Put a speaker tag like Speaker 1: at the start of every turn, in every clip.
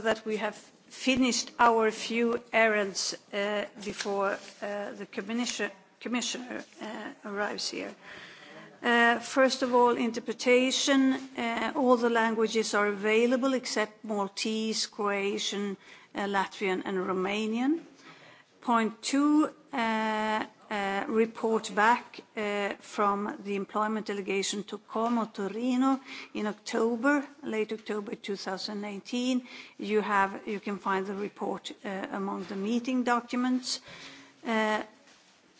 Speaker 1: that we have finished our few errands uh, before uh,
Speaker 2: the commissioner uh, arrives here. Uh, first of all, interpretation. Uh, all the languages are available except Maltese, Croatian, uh, Latvian and Romanian. Point two, Uh, uh, report back uh, from the employment delegation to Como Torino in October, late October 2019. You, have, you can find the report uh, among the meeting documents. Uh,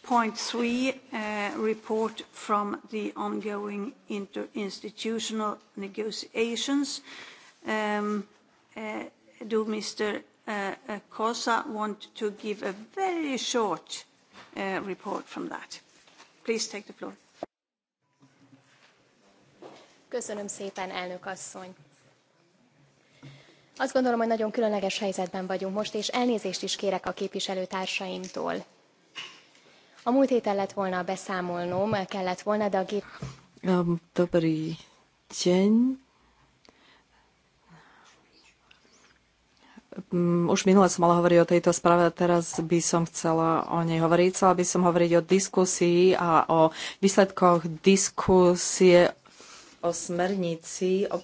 Speaker 2: point three, uh, report from the ongoing interinstitutional negotiations. Um, uh,
Speaker 1: do Mr. Uh, Cosa want to give a very short
Speaker 2: Uh, report from that. Please take the floor. Köszönöm szépen, elnök asszony. Azt gondolom, hogy
Speaker 3: nagyon különleges helyzetben vagyunk most, és elnézést is kérek a képviselőtársaimtól. A múlt héten lett volna beszámolnom, kellett volna, de a gép... Dobrý deň. Mm, už minule som mala hovoriť o tejto správe, teraz by som chcela o nej hovoriť. Chcela by som hovoriť o diskusii a o výsledkoch diskusie o smernici o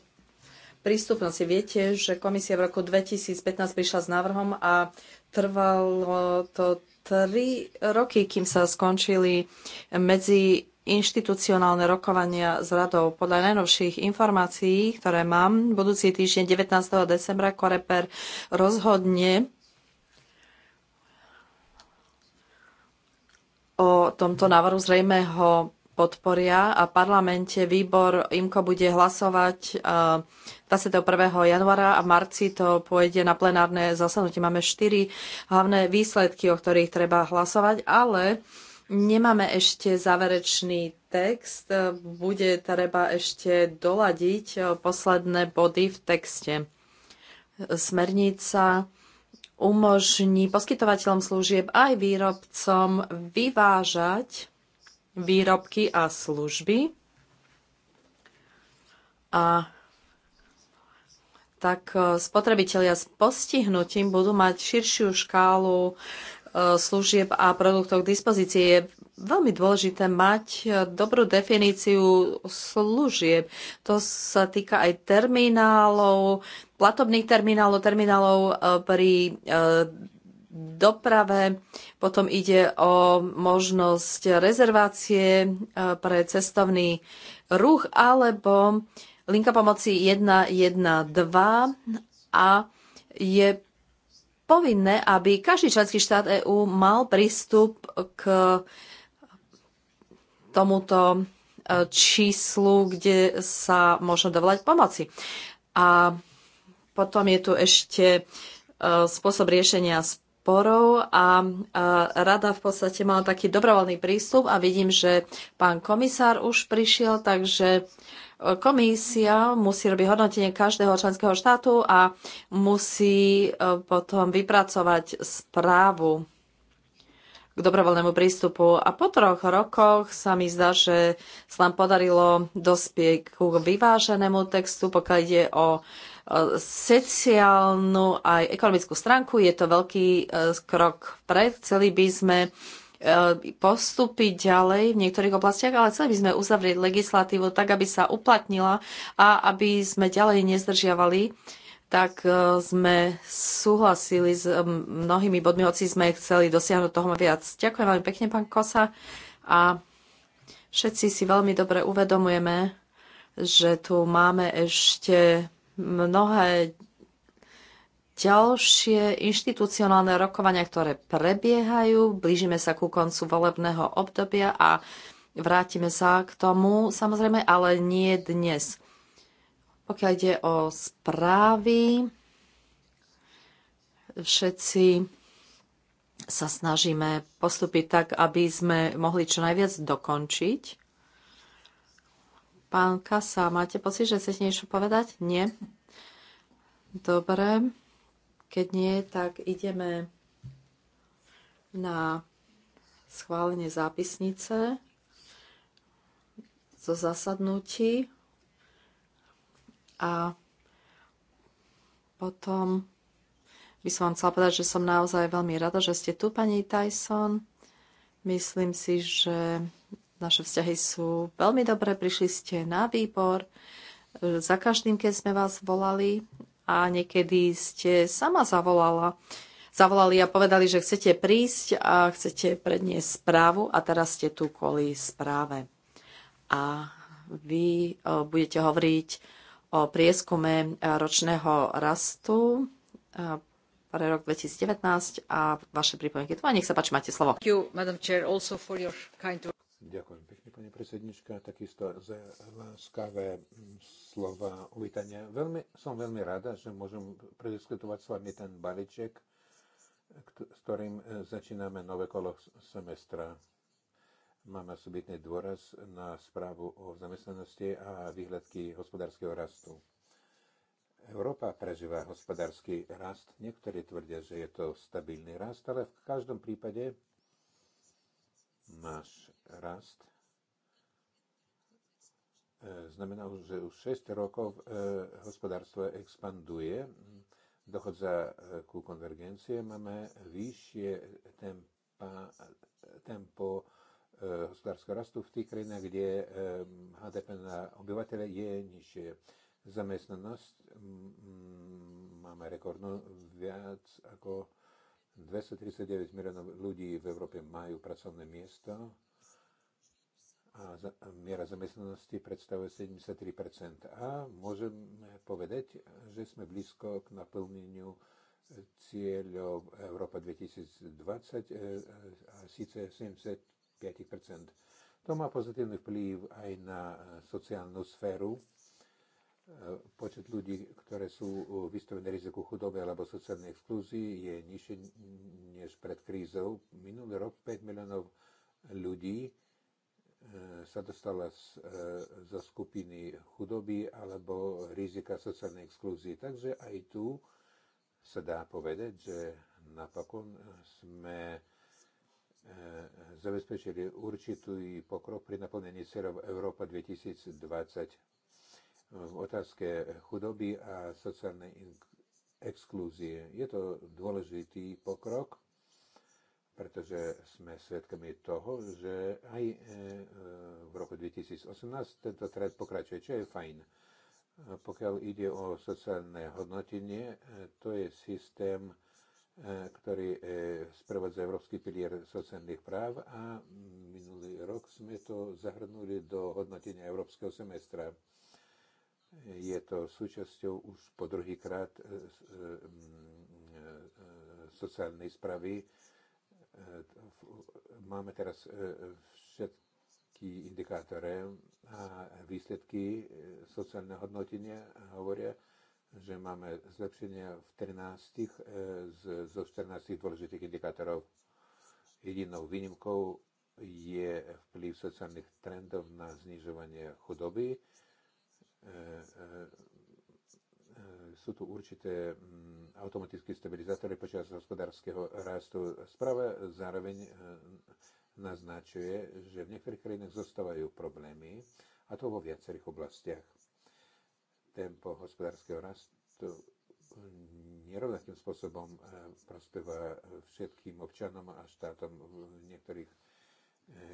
Speaker 3: prístupnosti. Viete, že komisia v roku 2015 prišla s návrhom a trvalo to tri roky, kým sa skončili medzi inštitucionálne rokovania s radou. Podľa najnovších informácií, ktoré mám, budúci týždeň 19. decembra Koreper rozhodne o tomto návrhu zrejme ho podporia a v parlamente výbor IMKO bude hlasovať 21. Eh, januára a v marci to pôjde na plenárne zasadnutie. Máme štyri hlavné výsledky, o ktorých treba hlasovať, ale Nemáme ešte záverečný text, bude treba ešte doladiť eh, posledné body v texte. Smernica umožní poskytovateľom služieb aj výrobcom vyvážať výrobky a služby a tak eh, spotrebitelia s postihnutím budú mať širšiu škálu E, služieb a produktov k dispozícii. Je veľmi dôležité mať e, dobrú definíciu služieb. To sa týka aj terminálov, platobných terminálov, terminálov e, pri doprave, potom ide o možnosť rezervácie pre cestovný ruch alebo linka pomoci 112 a je povinné, aby každý členský štát EÚ mal prístup k tomuto e, číslu, kde sa možno dovolať pomoci. A potom je tu ešte e, spôsob riešenia sporov a e, rada v podstate mala taký dobrovoľný prístup a vidím, že pán komisár už prišiel, takže Komisia musí robiť hodnotenie každého členského štátu a musí e, potom vypracovať správu k dobrovoľnému prístupu. A po troch rokoch sa mi zdá, že sa nám podarilo dospieť ku vyváženému textu, pokiaľ ide o e, sociálnu aj ekonomickú stránku. Je to veľký e, krok pred. Chceli by sme E, postupy ďalej v niektorých oblastiach, ale chceli by sme uzavrieť legislatívu tak, aby sa uplatnila a aby sme ďalej nezdržiavali tak e, sme súhlasili s e, mnohými bodmi, hoci sme chceli dosiahnuť toho viac. Ďakujem veľmi pekne, pán Kosa. A všetci si veľmi dobre uvedomujeme, že tu máme ešte mnohé ďalšie inštitucionálne rokovania, ktoré prebiehajú. Blížime sa ku koncu volebného obdobia a vrátime sa k tomu, samozrejme, ale nie dnes. Pokiaľ ide o správy, všetci sa snažíme postúpiť tak, aby sme mohli čo najviac dokončiť. Pán Kasa, máte pocit, že chcete niečo povedať? Nie? Dobre. Keď nie, tak ideme na schválenie zápisnice zo zasadnutí a potom by som vám chcela povedať, že som naozaj veľmi rada, že ste tu, pani Tyson. Myslím si, že naše vzťahy sú veľmi dobré. Prišli ste na výbor. Za každým, keď sme vás volali, a niekedy ste sama zavolala. Zavolali a povedali, že chcete prísť a chcete predniesť správu a teraz ste tu kvôli správe. A vy e, budete hovoriť o prieskume e, ročného rastu e, pre rok 2019 a vaše pripomienky. Tu a nech sa páči, máte slovo. You, Chair,
Speaker 2: kind Ďakujem pekne, pani predsednička, takisto za láskavé slova uvítania. Veľmi, som veľmi rada, že môžem prediskutovať s vami ten balíček, s ktorým e, začíname nové kolo semestra. Máme osobitný dôraz na správu o zamestnanosti a výhľadky hospodárskeho rastu. Európa prežíva hospodársky rast. Niektorí tvrdia, že je to stabilný rast, ale v každom prípade náš rast e, znamená, že už 6 rokov e, hospodárstvo expanduje, Dochodza e, ku konvergencie, máme vyššie tempa, tempo hospodárskeho rastu v tých krajinách, kde HDP na obyvateľe je nižšie. Zamestnanosť máme rekordnú viac ako 239 miliónov ľudí v Európe majú pracovné miesto a miera zamestnanosti predstavuje 73%. A môžeme povedať, že sme blízko k naplneniu cieľov Európa 2020 e, e, a síce 75%. To má pozitívny vplyv aj na sociálnu sféru E, počet ľudí, ktoré sú e, vystavené riziku chudoby alebo sociálnej exklúzii, je nižšie než pred krízou. Minulý rok 5 miliónov ľudí e, sa dostala z, zo skupiny chudoby alebo rizika sociálnej exklúzie. Takže aj tu sa dá povedať, že napokon sme zabezpečili určitý pokrok pri naplnení cieľov Európa 2020 v otázke chudoby a sociálnej exklúzie. Je to dôležitý pokrok, pretože sme svedkami toho, že aj e, v roku 2018 tento trend pokračuje, čo je fajn. Pokiaľ ide o sociálne hodnotenie, e, to je systém, e, ktorý sprevádza Európsky pilier sociálnych práv a minulý rok sme to zahrnuli do hodnotenia Európskeho semestra. Je to súčasťou už po druhýkrát e, e, e, sociálnej správy. Máme teraz všetky indikátore a výsledky sociálneho hodnotenia hovoria, že máme zlepšenia v 13 zo 14 dôležitých indikátorov. Jedinou výnimkou je vplyv sociálnych trendov na znižovanie chudoby E, e, e, sú tu určité mm, automatické stabilizátory počas hospodárskeho rastu. Správa zároveň naznačuje, že v niektorých krajinách zostávajú problémy, a to vo viacerých oblastiach. Tempo hospodárskeho rastu nerovnakým spôsobom prospeva všetkým občanom a štátom v niektorých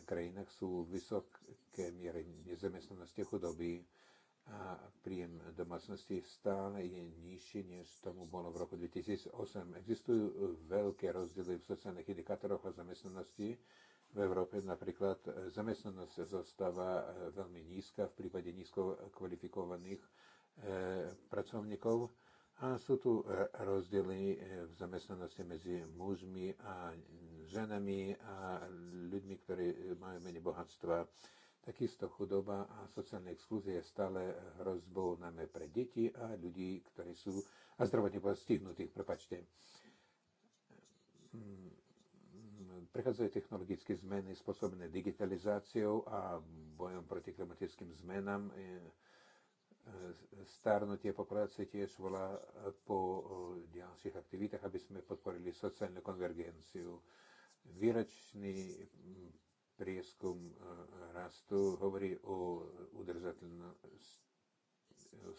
Speaker 2: krajinách sú vysoké miery nezamestnanosti chudoby, a príjem domácnosti stále je nižší, než tomu bolo v roku 2008. Existujú veľké rozdiely v sociálnych indikátoroch o zamestnanosti. V Európe napríklad zamestnanosť zostáva e, veľmi nízka v prípade nízko kvalifikovaných e, pracovníkov a sú tu e, rozdiely e, v zamestnanosti medzi mužmi a ženami a ľuďmi, ktorí majú menej bohatstva. Takisto chudoba a sociálna exklúzia je stále hrozbou najmä pre deti a ľudí, ktorí sú a zdravotne postihnutých, prepačte. Prechádzajú technologické zmeny spôsobené digitalizáciou a bojom proti klimatickým zmenám. Starnutie populácie tiež volá po ďalších aktivitách, aby sme podporili sociálnu konvergenciu. Výračný prieskum e, rastu hovorí o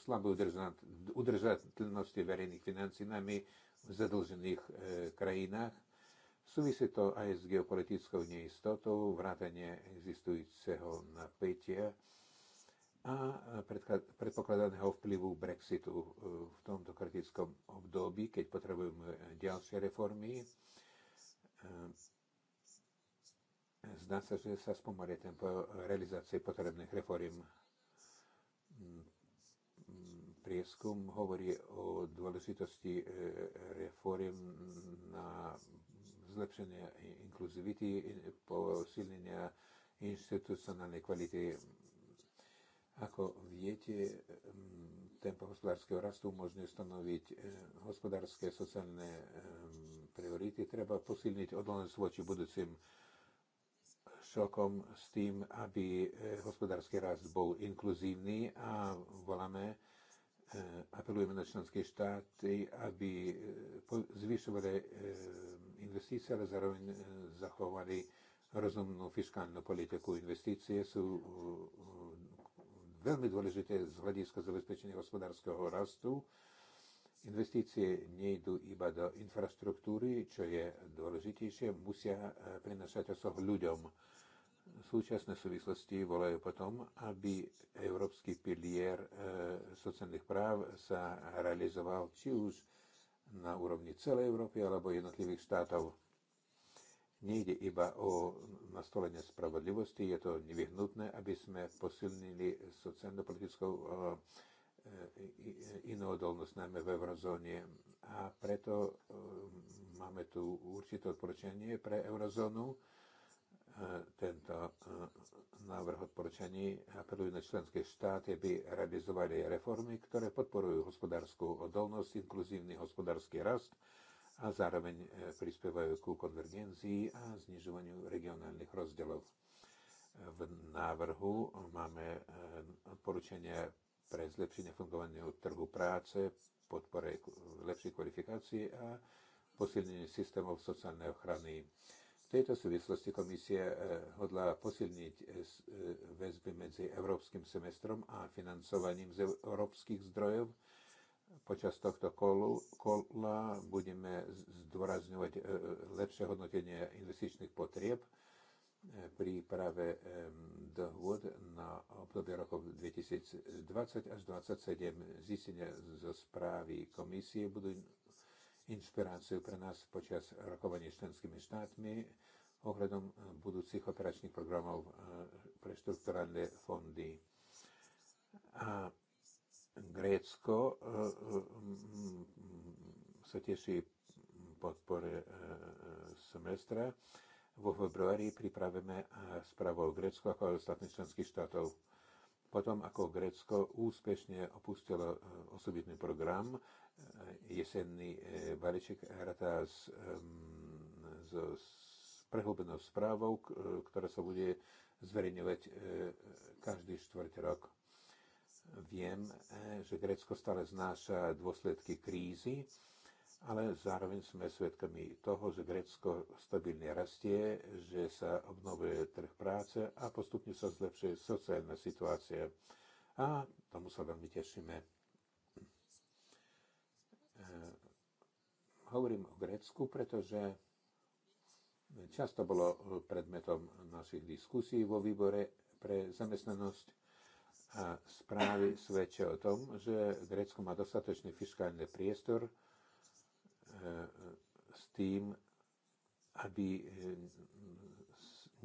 Speaker 2: slabej udržateľnosti verejných financí nami v zadlžených e, krajinách. Súvisí to aj s geopolitickou neistotou, vrátanie existujúceho napätia a predpokladaného vplyvu Brexitu e, v tomto kritickom období, keď potrebujeme ďalšie reformy. Zdá sa, že sa spomalí tempo realizácie potrebných reforiem. Prieskum hovorí o dôležitosti e, reforiem na zlepšenie inkluzivity, posilnenia inštitucionálnej kvality. Ako viete, mm, tempo hospodárskeho rastu umožňuje stanoviť e, hospodárske a sociálne e, priority. Treba posilniť odolnosť voči budúcim krokom s tým, aby eh, hospodársky rast bol inkluzívny a voláme, eh, apelujeme na členské štáty, aby eh, zvyšovali investície, ale zároveň zachovali rozumnú fiskálnu politiku. Investície sú veľmi dôležité z hľadiska zabezpečenia hospodárskeho rastu. Investície nejdú iba do infraštruktúry, čo je dôležitejšie, musia prinašať osoh ľuďom Súčasné súvislosti volajú potom, aby európsky pilier e, sociálnych práv sa realizoval či už na úrovni celej Európy alebo jednotlivých štátov. Nejde iba o nastolenie spravodlivosti, je to nevyhnutné, aby sme posilnili sociálno-politickú e, inodolnosť, najmä v eurozóne. A preto e, máme tu určité odporúčanie pre eurozónu, tento e, návrh odporúčaní apelujú na členské štáty, aby realizovali reformy, ktoré podporujú hospodárskú odolnosť, inkluzívny hospodársky rast a zároveň e, prispievajú ku konvergencii a znižovaniu regionálnych rozdielov. V návrhu máme e, odporúčania pre zlepšenie fungovania trhu práce, podpore lepšej kvalifikácie a posilnenie systémov sociálnej ochrany v tejto súvislosti Komisie eh, hodlá posilniť eh, eh, väzby medzi európskym semestrom a financovaním z európskych zdrojov. Počas tohto kolu, kola budeme zdôrazňovať lepšie hodnotenie investičných potrieb pri práve dohôd na obdobie rokov 2020 až 2027. Zistenia zo správy komisie budú inšpiráciu pre nás počas rokovania s členskými štátmi ohľadom eh, budúcich operačných programov eh, pre štrukturálne fondy. A Grécko eh, sa teší podpore semestra. Vo februári pripravíme správu o Grécku ako aj ostatných členských štátov. Potom, ako Grécko úspešne opustilo osobitný program, jesenný eh, balíček rata s, prehlbenou správou, ktorá sa bude zverejňovať eh, každý štvrť rok. Viem, eh, že Grécko stále znáša dôsledky krízy, ale zároveň sme svedkami toho, že Grécko stabilne rastie, že sa obnovuje trh práce a postupne sa zlepšuje sociálna situácia. A tomu sa veľmi tešíme. Hovorím o Grécku, pretože často bolo eh, predmetom našich diskusí vo výbore pre zamestnanosť a správy svedčia o tom, že Grécko má dostatočný fiskálny priestor eh, s tým, aby eh,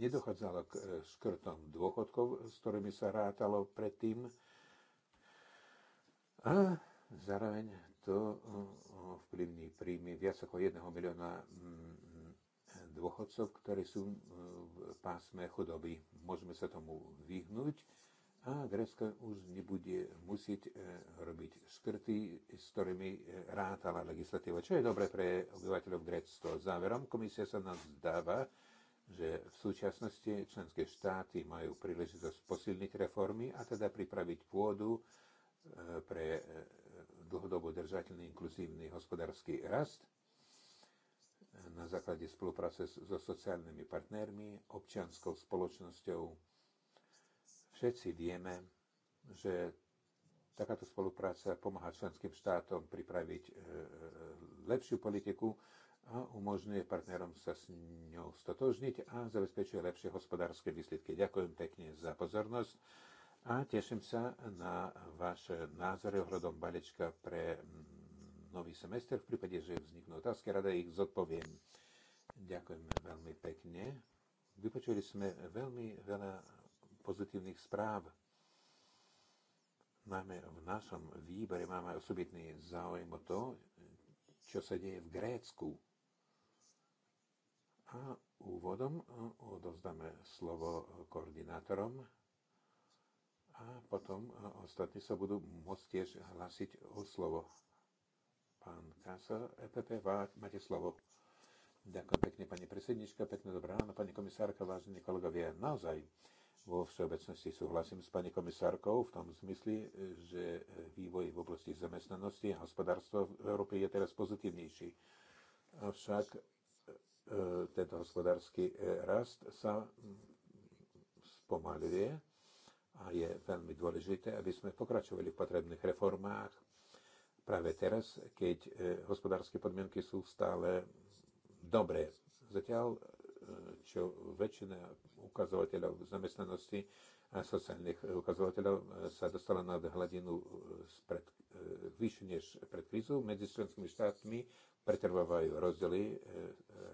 Speaker 2: nedochádzalo k škrtom dôchodkov, s ktorými sa rátalo predtým. A zároveň to eh, eh, vplyvní príjmy viac ako 1 milióna mm, dôchodcov, ktorí sú eh, v pásme chudoby. Môžeme sa tomu vyhnúť a Grécko už nebude musieť robiť škrty, s ktorými rátala legislatíva, čo je dobre pre obyvateľov Grécko. Záverom komisia sa nás zdáva, že v súčasnosti členské štáty majú príležitosť posilniť reformy a teda pripraviť pôdu pre dlhodobo držateľný inkluzívny hospodársky rast na základe spolupráce so sociálnymi partnermi, občianskou spoločnosťou. Všetci vieme, že takáto spolupráca pomáha členským štátom pripraviť e, e, lepšiu politiku a umožňuje partnerom sa s ňou stotožniť a zabezpečuje lepšie hospodárske výsledky. Ďakujem pekne za pozornosť a teším sa na vaše názory ohľadom balečka pre mm, nový semester. V prípade, že vzniknú otázky, rada ich zodpoviem. Ďakujem veľmi pekne. Vypočuli sme veľmi veľa pozitívnych správ. Najmä v našom výbore máme osobitný záujem o to, čo sa deje v Grécku. A úvodom e, odozdáme slovo koordinátorom a potom ostatní sa budú môcť tiež hlásiť o slovo. Pán Kasa, EPP, máte slovo. Ďakujem pekne, pani predsednička, pekne dobrá ráno, pani komisárka, vážení kolegovia. Naozaj vo všeobecnosti súhlasím s pani komisárkou v tom zmysle, že vývoj v oblasti zamestnanosti a hospodárstva v Európe je teraz pozitívnejší. Avšak e, tento hospodársky e, rast sa spomaluje a je veľmi dôležité, aby sme pokračovali v potrebných reformách práve teraz, keď e, hospodárske podmienky sú stále dobré. Zatiaľ, e, čo väčšina ukazovateľov zamestnanosti a sociálnych ukazovateľov e, sa dostala nad hladinu spred, vyššie než pred krízu, medzi členskými štátmi pretrvávajú rozdiely.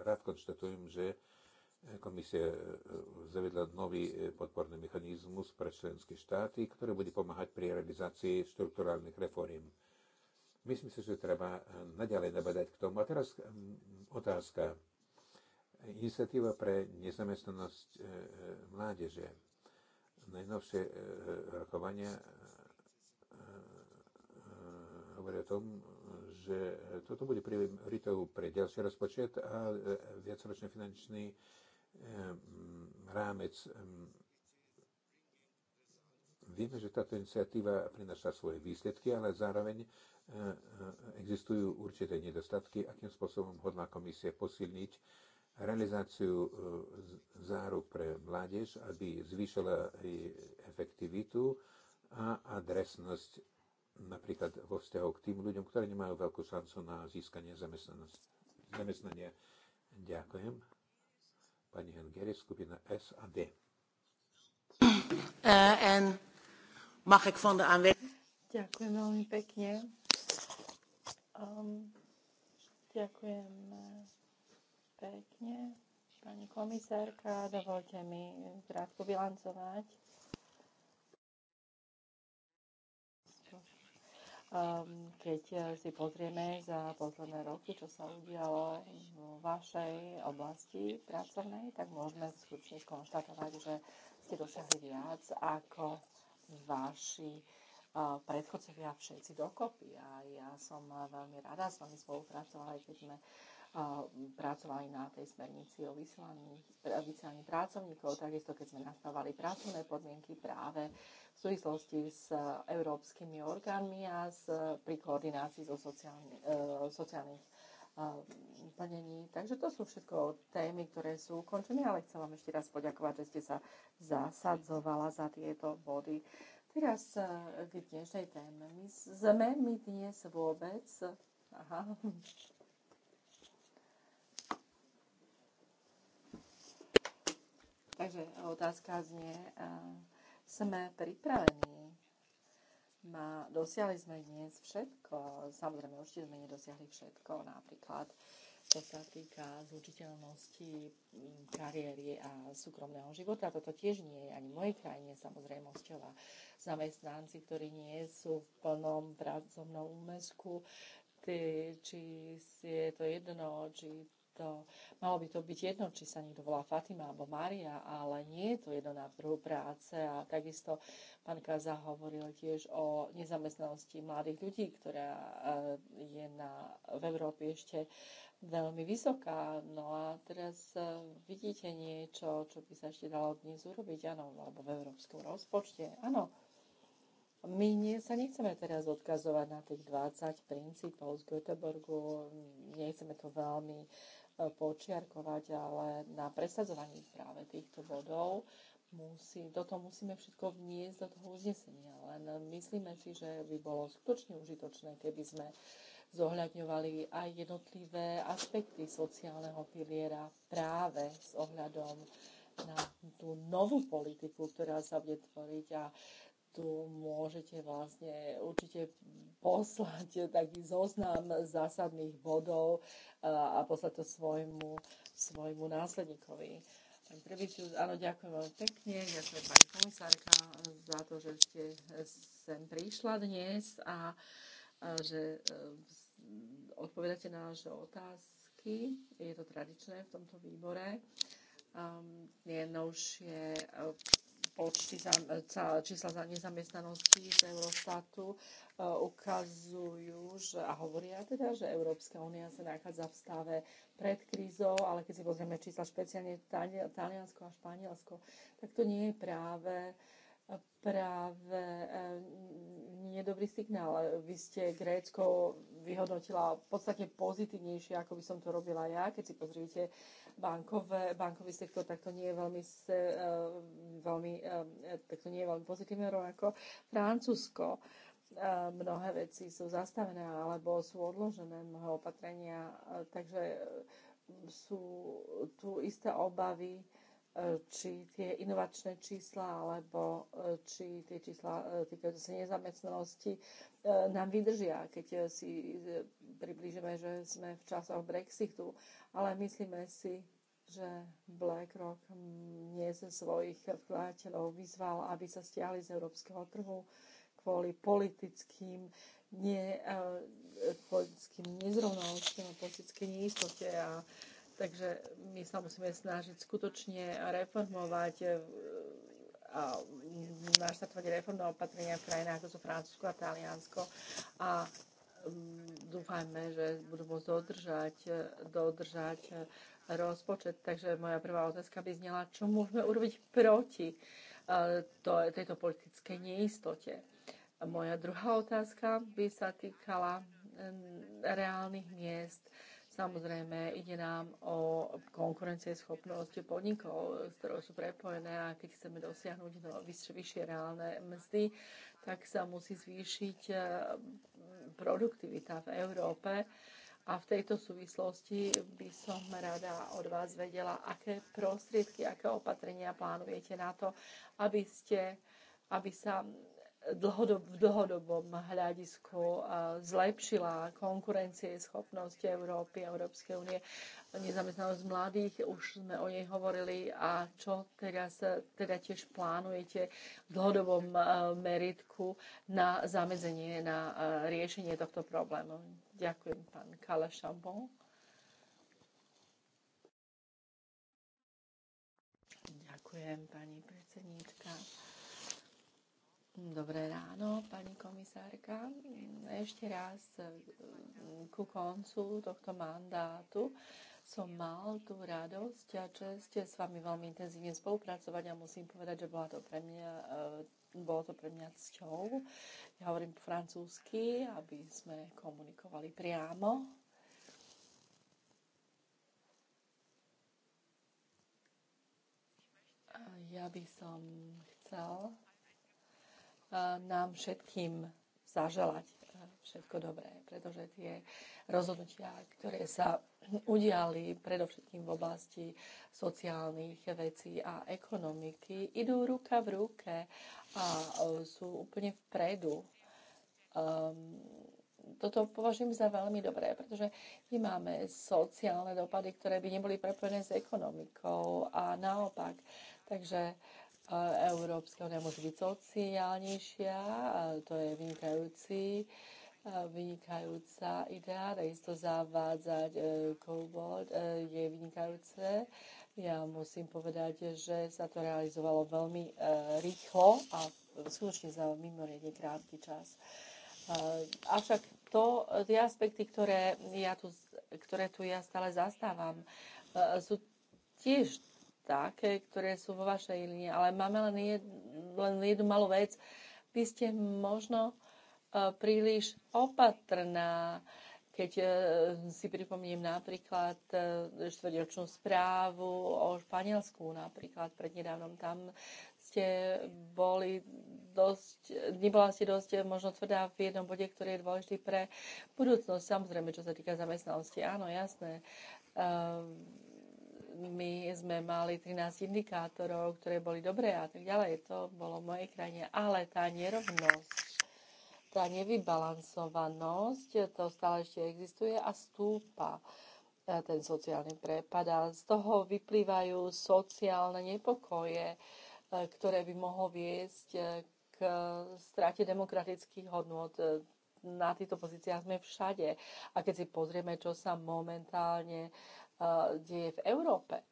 Speaker 2: Rád konštatujem, že Komisia e, zavedla nový e, podporný mechanizmus pre členské štáty, ktorý bude pomáhať pri realizácii štruktúrálnych reform. Myslím si, že treba e, naďalej nabadať k tomu. A teraz otázka. Iniciatíva pre nezamestnanosť mládeže. Najnovšie rokovania hovorí o tom, že toto bude prioritou pre ďalší rozpočet a viacročný finančný Ehm, rámec. Ehm, vieme, že táto iniciatíva prináša svoje výsledky, ale zároveň eh, eh, existujú určité nedostatky, akým spôsobom hodná komisia posilniť realizáciu eh, záruk pre mládež, aby zvýšila jej efektivitu a adresnosť napríklad vo vzťahu k tým ľuďom, ktorí nemajú veľkú šancu na získanie zamestnania. Ďakujem. Pani Hengeri, skupina S a eh, En mag ik van de aanwezig...
Speaker 1: Ďakujem veľmi pekne. Um, ďakujem eh, pekne. Pani komisárka, dovolte mi krátko bilancovať Ehm, keď e, si pozrieme za posledné roky, čo sa udialo vo vašej oblasti pracovnej, tak môžeme skutočne skonštatovať, že ste dosiahli viac ako vaši e, predchodcovia všetci dokopy. A ja som veľmi rada s vami spolupracovala, aj keď sme pracovali na tej smernici o e, vysielaní, pracovníkov, takisto keď sme nastavali pracovné podmienky práve v súvislosti s európskymi orgánmi a s, pri koordinácii so sociálny, e, sociálnych plnení. Takže to sú všetko témy, ktoré sú ukončené, ale chcem vám ešte raz poďakovať, že ste sa zasadzovala za tieto body. Teraz e, k dnešnej téme. My sme my dnes vôbec... Aha. Takže otázka znie, sme pripravení. Ma, dosiahli sme dnes všetko. Samozrejme, určite sme nedosiahli všetko. Napríklad, čo sa týka zúčiteľnosti kariéry a súkromného života. Toto tiež nie je ani v mojej krajine samozrejmosťou a zamestnanci, ktorí nie sú v plnom pracovnom úmesku, či si je to jedno, či to, malo by to byť jedno, či sa niekto volá Fatima alebo Maria, ale nie je to jedno na trhu práce a takisto pán Kaza hovoril tiež o nezamestnanosti mladých ľudí, ktorá eh, je na, v Európe ešte veľmi vysoká. No a teraz eh, vidíte niečo, čo by sa ešte dalo dnes urobiť, áno, alebo v európskom rozpočte, áno. My nie, sa nechceme teraz odkazovať na tých 20 princípov z Göteborgu, nechceme to veľmi uh, počiarkovať, ale na presadzovaní práve týchto bodov musí, do toho musíme všetko vniesť do toho uznesenia. Len myslíme si, že by bolo skutočne užitočné, keby sme zohľadňovali aj jednotlivé aspekty sociálneho piliera práve s ohľadom na tú novú politiku, ktorá sa bude tvoriť a tu môžete vlastne určite poslať taký zoznam zásadných bodov a poslať to svojmu, svojmu následníkovi. Pán Trebičius, áno, ďakujem veľmi pekne, ďakujem pani komisárka za to, že ste sem prišla dnes a, a že e, odpovedáte na naše otázky. Je to tradičné v tomto výbore. Um, je novšie počty čísla za nezamestnanosti z Eurostatu e, ukazujú, že, a hovoria teda, že Európska únia sa nachádza v stave pred krízou, ale keď si pozrieme čísla špeciálne Taliansko a Španielsko, tak to nie je práve práve e, nedobrý signál. Vy ste Grécko vyhodnotila podstatne pozitívnejšie, ako by som to robila ja, keď si pozriete bankové, bankový sektor, tak to nie je veľmi, eh, veľmi, eh, tak to nie je veľmi pozitívne, rovnako Francúzsko. Eh, mnohé veci sú zastavené alebo sú odložené mnohé opatrenia, takže sú tu isté obavy E, či tie inovačné čísla alebo e, či tie čísla e, týkajúce sa nezamestnanosti nám vydržia, keď si priblížime, že sme v časoch Brexitu. Ale myslíme si, že BlackRock nie ze svojich vkladateľov vyzval, aby sa stiahli z európskeho trhu kvôli politickým, nie, politickým nezrovnalostiam a politickej neistote a Takže my sa musíme snažiť skutočne reformovať e, a naštartovať reformné opatrenia v krajinách, ako sú Francúzsko a Taliansko. A mm, dúfajme, že budú môcť dodržať, e, dodržať e, rozpočet. Takže moja prvá otázka by znela, čo môžeme urobiť proti to, tejto politickej neistote. Moja druhá otázka by sa týkala mm, reálnych miest Samozrejme, ide nám o konkurencieschopnosť podnikov, s ktorou sú prepojené a keď chceme dosiahnuť no, vyššie, vyššie reálne mzdy, tak sa musí zvýšiť e, produktivita v Európe. A v tejto súvislosti by som rada od vás vedela, aké prostriedky, aké opatrenia plánujete na to, aby, ste, aby sa dlhodob, v dlhodobom hľadisku zlepšila schopnosť Európy, Európskej únie. Nezamestnanosť mladých, už sme o nej hovorili. A čo teraz teda tiež plánujete v dlhodobom e, meritku na zamedzenie, na e, riešenie tohto problému? Ďakujem, pán Kala Šambon. Ďakujem, pani predsedníčka. Dobré ráno, pani komisárka. Ešte raz e, ku koncu tohto mandátu som mal tú radosť a čest s vami veľmi intenzívne spolupracovať a musím povedať, že bola to pre mňa, e, bolo to pre mňa cťou. Ja hovorím po francúzsky, aby sme komunikovali priamo. Ja by som chcel nám všetkým zaželať e, všetko dobré, pretože tie rozhodnutia, ktoré sa udiali predovšetkým v oblasti sociálnych vecí a ekonomiky, idú ruka v ruke a e, sú úplne vpredu. Um, toto považujem za veľmi dobré, pretože my máme sociálne dopady, ktoré by neboli prepojené s ekonomikou a naopak. Takže uh, Európska únia môže byť sociálnejšia, to je vynikajúci, vynikajúca idea, takisto zavádzať e, Cobalt e, je vynikajúce. Ja musím povedať, že sa to realizovalo veľmi e, rýchlo a skutočne za mimoriadne krátky čas. Avšak to, tie aspekty, ktoré, ja tu, ktoré tu ja stále zastávam, sú tiež také, ktoré sú vo vašej línii, ale máme len, jed, len jednu malú vec. Vy ste možno e, príliš opatrná, keď e, si pripomínam napríklad uh, štvrťročnú správu o Španielsku napríklad prednedávnom. Tam ste boli dosť, nebola ste dosť možno tvrdá v jednom bode, ktorý je dôležitý pre budúcnosť, samozrejme, čo sa týka zamestnanosti. Áno, jasné. Uh, my sme mali 13 indikátorov, ktoré boli dobré a tak ďalej. To bolo v mojej krajine. Ale tá nerovnosť, tá nevybalansovanosť, to stále ešte existuje a stúpa e, ten sociálny prepad a z toho vyplývajú sociálne nepokoje, e, ktoré by mohlo viesť e, k strate demokratických hodnot. Na týchto pozíciách sme všade. A keď si pozrieme, čo sa momentálne deje v Európe. E,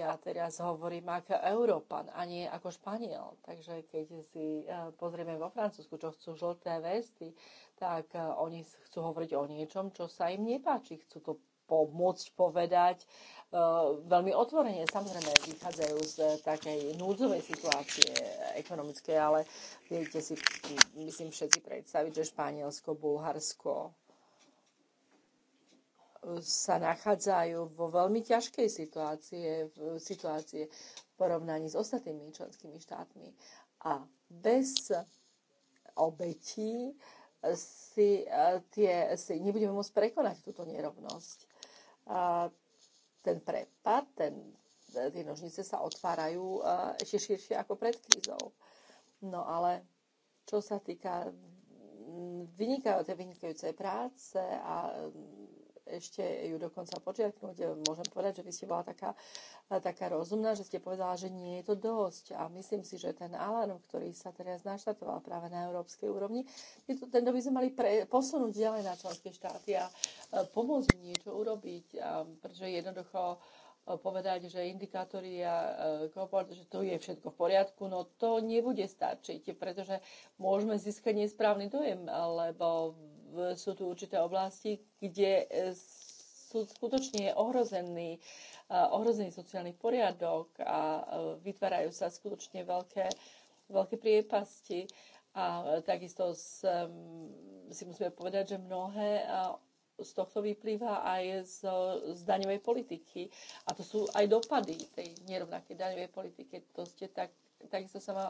Speaker 1: ja teraz hovorím ako Európan a nie ako Španiel. Takže keď si e, pozrieme vo Francúzsku, čo chcú žlté vesty, tak e, oni chcú hovoriť o niečom, čo sa im nepáči. Chcú to pomôcť povedať veľmi otvorene. Samozrejme, vychádzajú z takej núdzovej situácie ekonomickej, ale viete si, myslím, všetci predstaviť, že Španielsko, Bulharsko, sa nachádzajú vo veľmi ťažkej situácie, v situácie v porovnaní s ostatnými členskými štátmi. A bez obetí si, e, tie, si nebudeme môcť prekonať túto nerovnosť. A ten prepad, ten, tie nožnice sa otvárajú e, ešte širšie ako pred krízou. No ale čo sa týka vynikajúce, vynikajúcej práce a ešte ju dokonca počiarknúť. E, môžem povedať, že vy ste bola taká, e, taká rozumná, že ste povedala, že nie je to dosť. A myslím si, že ten alarm, ktorý sa teraz naštartoval práve na európskej úrovni, to, ten by sme mali pre, posunúť ďalej na členské štáty a e, pomôcť niečo urobiť, a, pretože jednoducho povedať, že indikátory a kohort, že to je všetko v poriadku, no to nebude stačiť, pretože môžeme získať nesprávny dojem, lebo sú tu určité oblasti, kde e, sú, skutočne ohrozený, e, ohrozený sociálny poriadok a e, vytvárajú sa skutočne veľké, veľké priepasti. A takisto s, si musíme povedať, že mnohé z tohto vyplýva aj z, z daňovej politiky. A to sú aj dopady tej nerovnakej daňovej politiky. To ste tak, takisto sa ma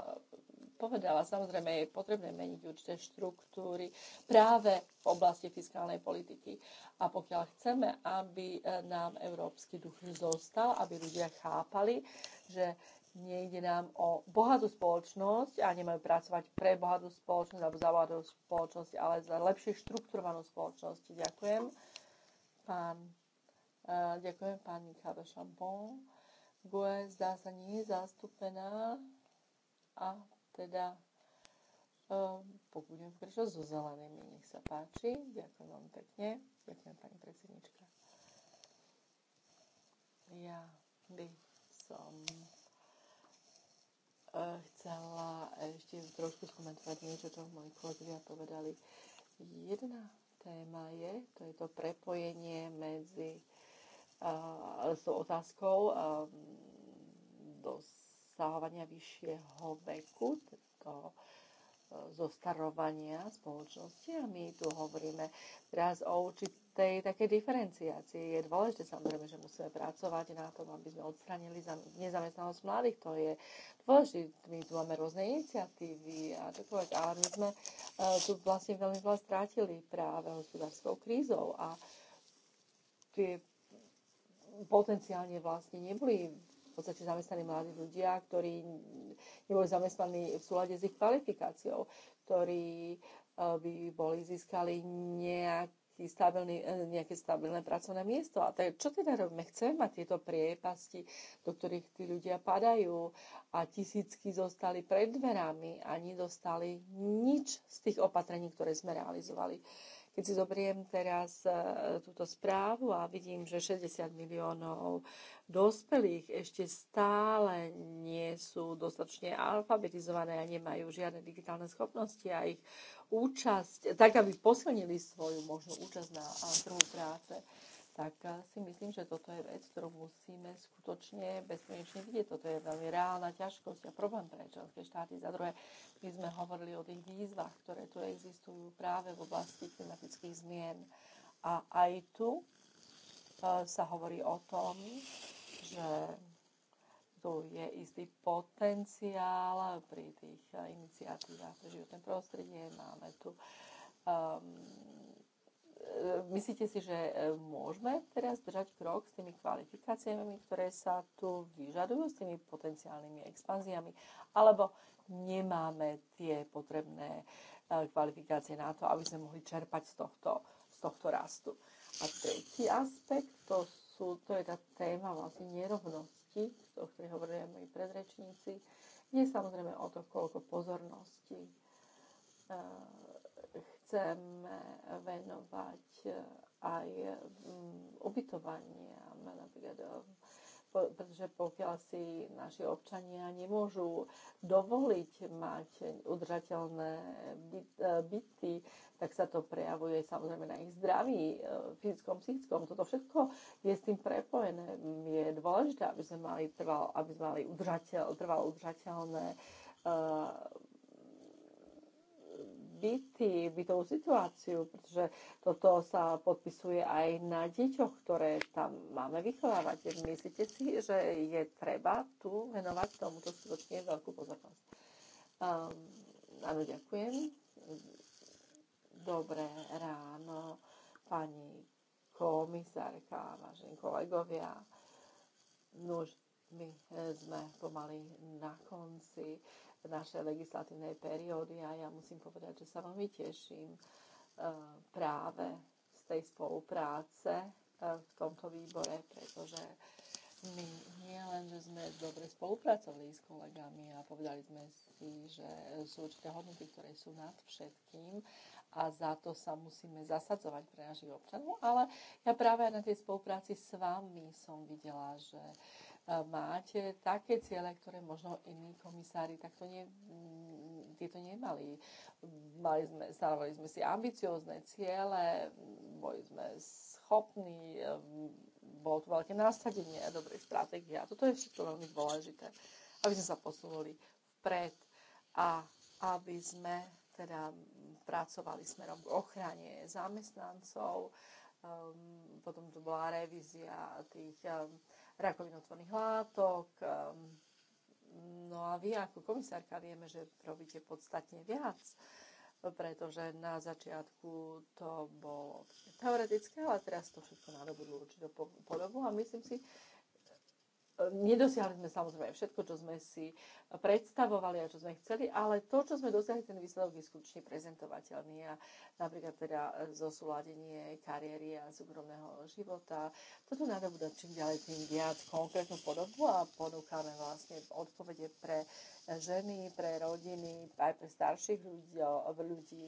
Speaker 1: povedala, samozrejme je potrebné meniť určité štruktúry práve v oblasti fiskálnej politiky. A pokiaľ chceme, aby e, nám európsky duch zostal, aby ľudia chápali, že nejde nám o bohatú spoločnosť a nemajú pracovať pre bohatú spoločnosť alebo za bohatú spoločnosť, ale za lepšie štrukturovanú spoločnosť. Ďakujem. Pán, uh, ďakujem pani Káve Šampón. GUE zdá sa nie je zastúpená a teda ehm, budem pokračovať so zelenými. Nech sa páči. Ďakujem vám pekne. Ďakujem, pani predsednička. Ja by som e, chcela ešte trošku skomentovať niečo, čo moji kolegovia povedali. Jedna téma je, to je to prepojenie medzi uh, s otázkou um, dos, dosahovania vyššieho veku, toho e, zostarovania spoločnosti a my tu hovoríme teraz o určitej takej diferenciácii. Je dôležité samozrejme, že musíme pracovať na tom, aby sme odstranili nezamestnanosť mladých. To je dôležité. My tu máme rôzne iniciatívy a takové, ale my sme e, tu vlastne veľmi veľa strátili práve hospodárskou krízou a tie potenciálne vlastne neboli podstate zamestnaní mladí ľudia, ktorí neboli zamestnaní v súlade s ich kvalifikáciou, ktorí eh, by boli získali nejaký stabilný, eh, nejaké stabilné pracovné miesto. A tak, čo teda robíme? Chceme mať tieto priepasti, do ktorých tí ľudia padajú a tisícky zostali pred dverami a nedostali nič z tých opatrení, ktoré sme realizovali. Uh, keď si zobriem teraz e, túto správu a vidím, že 60 miliónov dospelých ešte stále nie sú dostatočne alfabetizované a nemajú žiadne digitálne schopnosti a ich účasť, tak aby posilnili svoju možnú účasť na trhu práce tak si myslím, že toto je vec, ktorú musíme skutočne bezpečne vidieť. Toto je veľmi reálna ťažkosť a problém pre členské štáty. Za druhé, my sme hovorili o tých výzvach, ktoré tu existujú práve v oblasti klimatických zmien. A aj tu e, sa hovorí o tom, že tu je istý potenciál pri tých iniciatívach pre ten prostredie. Máme tu um, E, myslíte si, že e, môžeme teraz držať krok s tými kvalifikáciami, ktoré sa tu vyžadujú, s tými potenciálnymi expanziami, alebo nemáme tie potrebné e, kvalifikácie na to, aby sme mohli čerpať z tohto, z tohto rastu. A tretí aspekt, to, sú, to je tá téma vlastne nerovnosti, o ktorej hovorili moji predrečníci, je samozrejme o to, koľko pozornosti chceme eh, venovať eh, aj mm, ubytovaniam, napríklad pretože pokiaľ si naši občania nemôžu dovoliť mať udržateľné eh, byty, tak sa to prejavuje samozrejme na ich zdraví, fyzickom, psychickom. Toto všetko je s tým prepojené. Je dôležité, aby sme mali, trval, aby sme mali udržateľ, trvalo udržateľné byty, bytovú situáciu, pretože toto sa podpisuje aj na deťoch, ktoré tam máme vychovávať. Myslíte si, že je treba tu venovať tomuto skutočne veľkú pozornosť? Um, áno, ďakujem. Dobré ráno, pani komisárka, vážení kolegovia. Nož, my eh, sme pomaly na konci našej legislatívnej periódy a ja musím povedať, že sa veľmi teším e, práve z tej spolupráce e, v tomto výbore, pretože my nie len, že sme dobre spolupracovali s kolegami a povedali sme si, že sú určité hodnoty, ktoré sú nad všetkým a za to sa musíme zasadzovať pre našich občanov, ale ja práve aj na tej spolupráci s vami som videla, že uh, máte také ciele, ktoré možno iní komisári takto ne, mm, tieto nemali. Mali sme, stanovali sme si ambiciózne ciele, boli sme schopní, mm, bolo tu veľké nasadenie a dobrej stratégie. A toto je všetko veľmi dôležité, aby sme sa posunuli vpred a aby sme teda pracovali smerom k ochrane zamestnancov. Um, potom tu bola revízia tých um, otvorných látok. Ehm, no a vy ako komisárka vieme, že robíte podstatne viac, pretože na začiatku to bolo teoretické, ale teraz to všetko nadobudlo určitú podobu a myslím si, Nedosiahli sme samozrejme všetko, čo sme si predstavovali a čo sme chceli, ale to, čo sme dosiahli, ten výsledok je skutočne prezentovateľný. A napríklad teda e, zosúladenie kariéry a súkromného života. Toto nadobúda čím ďalej tým viac konkrétnu podobu a ponúkame vlastne odpovede pre ženy, pre rodiny, aj pre starších ľudí, ľudí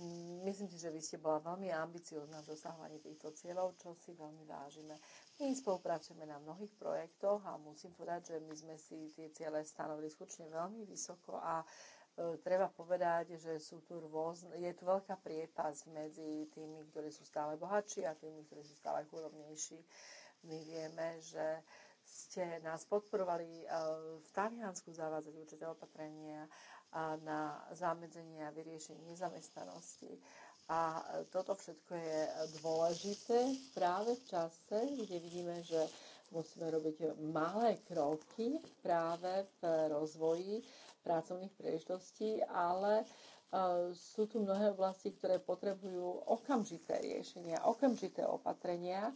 Speaker 1: mm, Myslím si, že vy ste bola veľmi ambiciozná v dosahovaní týchto cieľov, čo si veľmi vážime. My spolupracujeme na mnohých projektoch a musím povedať, že my sme si tie ciele stanovili skutočne veľmi vysoko a e, treba povedať, že sú tu rôzne, je tu veľká priepas medzi tými, ktorí sú stále bohatší a tými, ktorí sú stále chudobnejší. My vieme, že ste nás podporovali e, v Taliansku zavádzať určité opatrenia na zamedzenie a vyriešenie nezamestnanosti a toto všetko je dôležité práve v čase, kde vidíme, že musíme robiť malé kroky práve v rozvoji pracovných príležitostí, ale e, sú tu mnohé oblasti, ktoré potrebujú okamžité riešenia, okamžité opatrenia. E,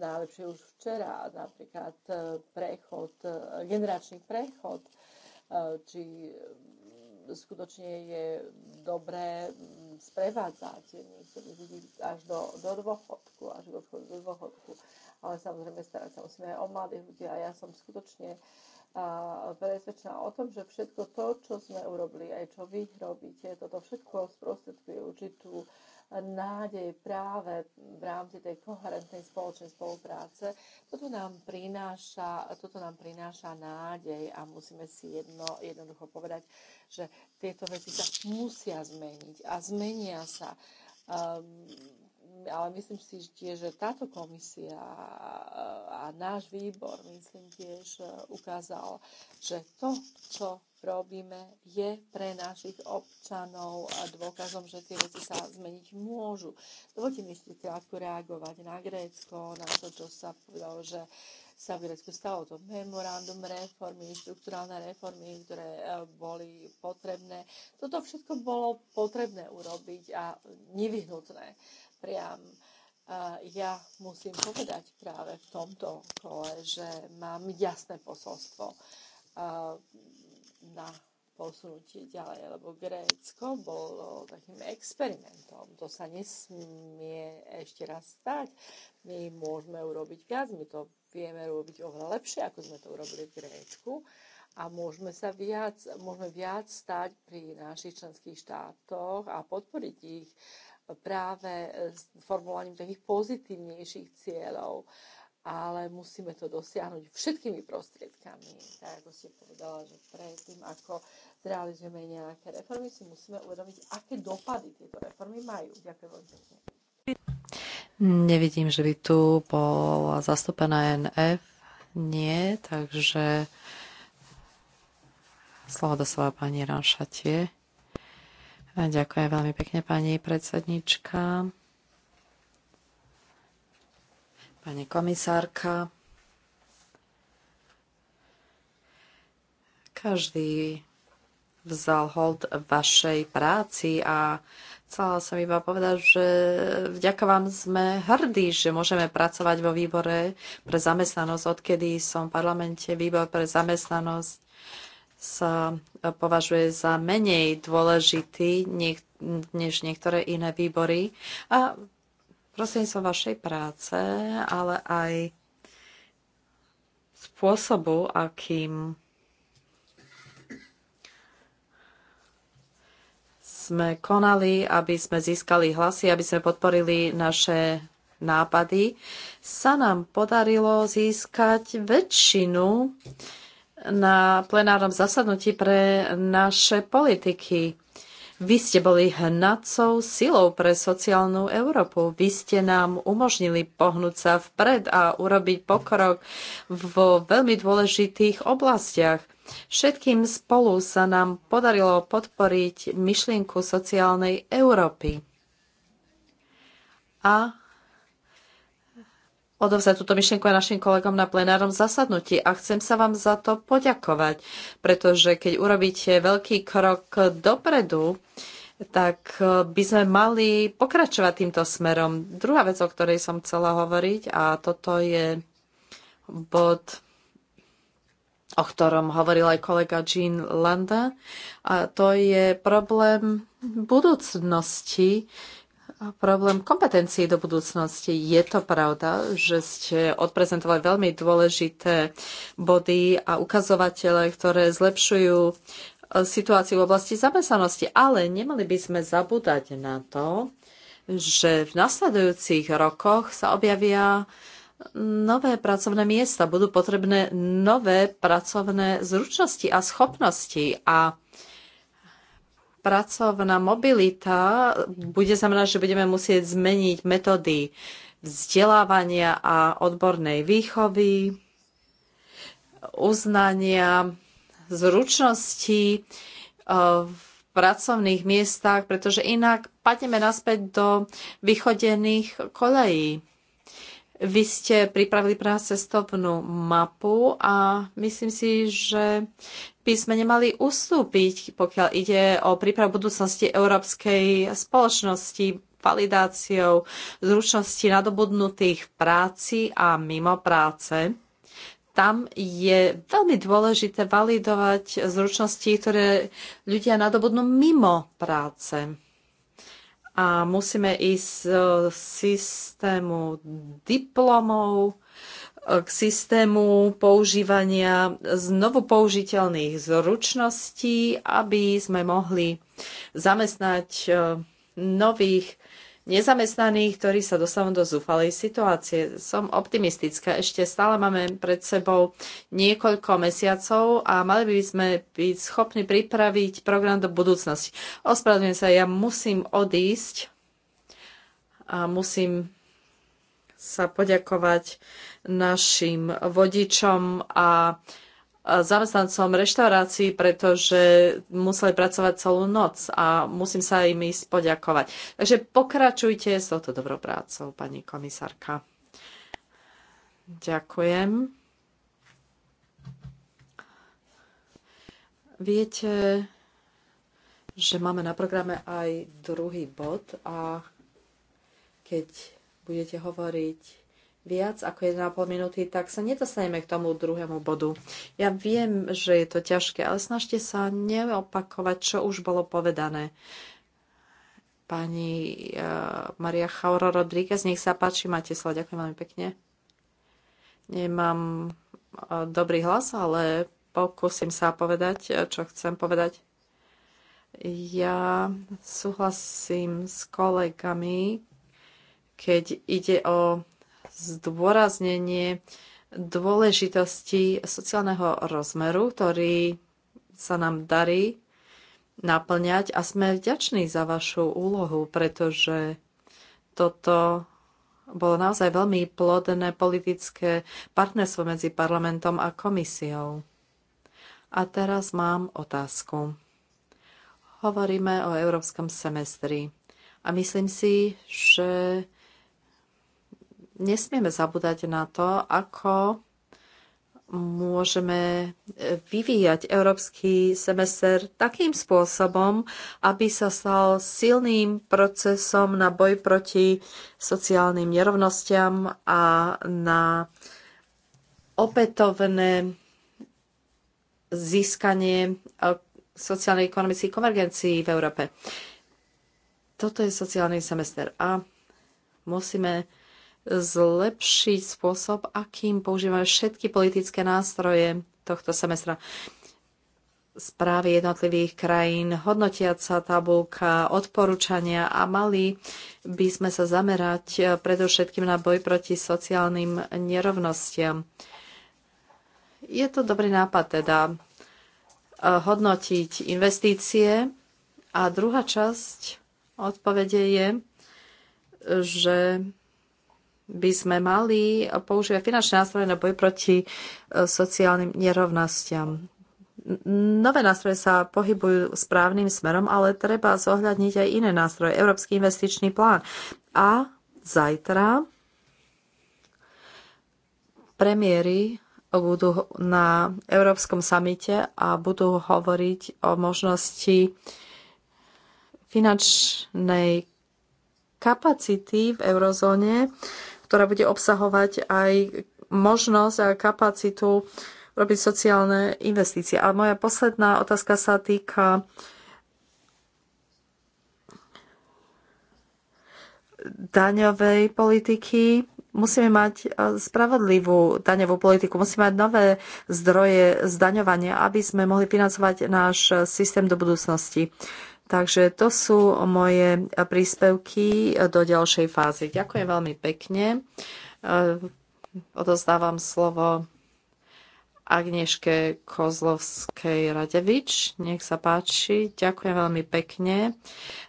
Speaker 1: najlepšie už včera, napríklad e, prechod, generačný prechod, či skutočne je dobré mm, sprevádzať niektorých ľudí až do, do dôchodku, až do, do dôchodku. Ale samozrejme starať sa musíme aj o mladých ľudí a ja som skutočne uh, presvedčená o tom, že všetko to, čo sme urobili, aj čo vy robíte, toto všetko sprostredkuje určitú uh, nádej práve v rámci tej koherentnej spoločnej spolupráce. Toto nám prináša, toto nám prináša nádej a musíme si jedno, jednoducho povedať, že tieto veci sa musia zmeniť a zmenia sa. Um, ale myslím si že tiež, že táto komisia a náš výbor, myslím tiež, e, ukázal, že to, čo robíme, je pre našich občanov dôkazom, že tie veci sa zmeniť môžu. Dovolte mi ešte krátko reagovať na Grécko, na to, čo sa povedalo, že sa v Grécku stalo to memorandum reformy, štruktúrálne reformy, ktoré e, boli potrebné. Toto všetko bolo potrebné urobiť a nevyhnutné priam. Ja musím povedať práve v tomto kole, že mám jasné posolstvo na posunutie ďalej, lebo Grécko bolo takým experimentom. To sa nesmie ešte raz stať. My môžeme urobiť viac, my to vieme robiť oveľa lepšie, ako sme to urobili v Grécku a môžeme sa viac, môžeme viac stať pri našich členských štátoch a podporiť ich práve e, s formulovaním takých pozitívnejších cieľov, ale musíme to dosiahnuť všetkými prostriedkami. Tak ako si povedala, že predtým, ako zrealizujeme nejaké reformy, si musíme uvedomiť, aké dopady tieto reformy majú. Ďakujem veľmi pekne.
Speaker 3: Nevidím, že by tu bola zastúpená NF. Nie, takže slovo slova pani Ranšatie. Ďakujem veľmi pekne, pani predsednička. Pani komisárka. Každý vzal hold vašej práci a chcela som iba povedať, že vďaka vám sme hrdí, že môžeme pracovať vo výbore pre zamestnanosť, odkedy som v parlamente výbor pre zamestnanosť sa považuje za menej dôležitý než niektoré iné výbory. A prosím som vašej práce, ale aj spôsobu, akým sme konali, aby sme získali hlasy, aby sme podporili naše nápady, sa nám podarilo získať väčšinu na plenárnom zasadnutí pre naše politiky. Vy ste boli hnacou silou pre sociálnu Európu. Vy ste nám umožnili pohnúť sa vpred a urobiť pokrok vo veľmi dôležitých oblastiach. Všetkým spolu sa nám podarilo podporiť myšlienku sociálnej Európy. A odovzdať túto myšlienku aj našim kolegom na plenárnom zasadnutí a chcem sa vám za to poďakovať, pretože keď urobíte veľký krok dopredu, tak e, by sme mali pokračovať týmto smerom. Druhá vec, o ktorej som chcela hovoriť, a toto je bod, o ktorom hovoril aj kolega Jean Landa, a to je problém budúcnosti problém kompetencií do budúcnosti. Je to pravda, že ste odprezentovali veľmi dôležité body a ukazovatele, ktoré zlepšujú e, situáciu v oblasti zamestnanosti, ale nemali by sme zabúdať na to, že v nasledujúcich rokoch sa objavia nové pracovné miesta, budú potrebné nové pracovné zručnosti a schopnosti a pracovná mobilita bude znamenať, že budeme musieť zmeniť metódy vzdelávania a odbornej výchovy, uznania zručností eh, v pracovných miestach, pretože inak padneme naspäť do vychodených kolejí. Vy ste pripravili pre nás cestovnú mapu a myslím si, že by sme nemali ustúpiť, pokiaľ ide o prípravu budúcnosti európskej spoločnosti, validáciou zručnosti nadobudnutých v práci a mimo práce. Tam je veľmi dôležité validovať zručnosti, ktoré ľudia nadobudnú mimo práce a musíme ísť z e, systému diplomov e, k systému používania znovu použiteľných zručností, aby sme mohli zamestnať e, nových nezamestnaných, ktorí sa dostanú do zúfalej situácie. Som optimistická. Ešte stále máme pred sebou niekoľko mesiacov a mali by sme byť schopní pripraviť program do budúcnosti. Ospravedlňujem sa, ja musím odísť a musím sa poďakovať našim vodičom a zamestnancom reštaurácií, pretože museli pracovať celú noc a musím sa im ísť poďakovať. Takže pokračujte s touto dobrou prácou, pani komisárka. Ďakujem. Viete, že máme na programe aj druhý bod a keď budete hovoriť viac ako 1,5 minúty, tak sa nedostaneme k tomu druhému bodu. Ja viem, že je to ťažké, ale snažte sa neopakovať, čo už bolo povedané. Pani uh, Maria Chauro Rodríguez, nech sa páči, máte slovo. Ďakujem veľmi pekne. Nemám uh, dobrý hlas, ale pokúsim sa povedať, eh, čo chcem povedať. Ja súhlasím s kolegami, keď ide o zdôraznenie dôležitosti sociálneho rozmeru, ktorý sa nám darí naplňať a sme vďační za vašu úlohu, pretože toto bolo naozaj veľmi plodné politické partnerstvo medzi parlamentom a komisiou. A teraz mám otázku. Hovoríme o európskom semestri a myslím si, že nesmieme zabúdať na to, ako môžeme e, vyvíjať európsky semester takým spôsobom, aby sa stal silným procesom na boj proti sociálnym nerovnostiam a na opätovné získanie e, sociálnej ekonomickej konvergencii v Európe. Toto je sociálny semester a musíme zlepšiť spôsob, akým používame všetky politické nástroje tohto semestra. Správy jednotlivých krajín, hodnotiaca tabulka, odporúčania a mali by sme sa zamerať eh, predovšetkým na boj proti sociálnym nerovnostiam. Je to dobrý nápad teda eh, hodnotiť investície a druhá časť odpovede je, že by sme mali používať finančné nástroje na boj proti e, sociálnym nerovnostiam. Nové nástroje sa pohybujú správnym smerom, ale treba zohľadniť aj iné nástroje. Európsky investičný plán. A zajtra premiéry budú na Európskom samite a budú hovoriť o možnosti finančnej kapacity v eurozóne ktorá bude obsahovať aj možnosť a kapacitu robiť sociálne investície. A moja posledná otázka sa týka daňovej politiky. Musíme mať e, spravodlivú daňovú politiku, musíme mať nové zdroje zdaňovania, aby sme mohli financovať náš systém do budúcnosti. Takže to sú moje príspevky e, do ďalšej fázy. Ďakujem veľmi pekne. E, Odozdávam slovo Agneške Kozlovskej-Radevič. Nech sa páči. Ďakujem veľmi pekne.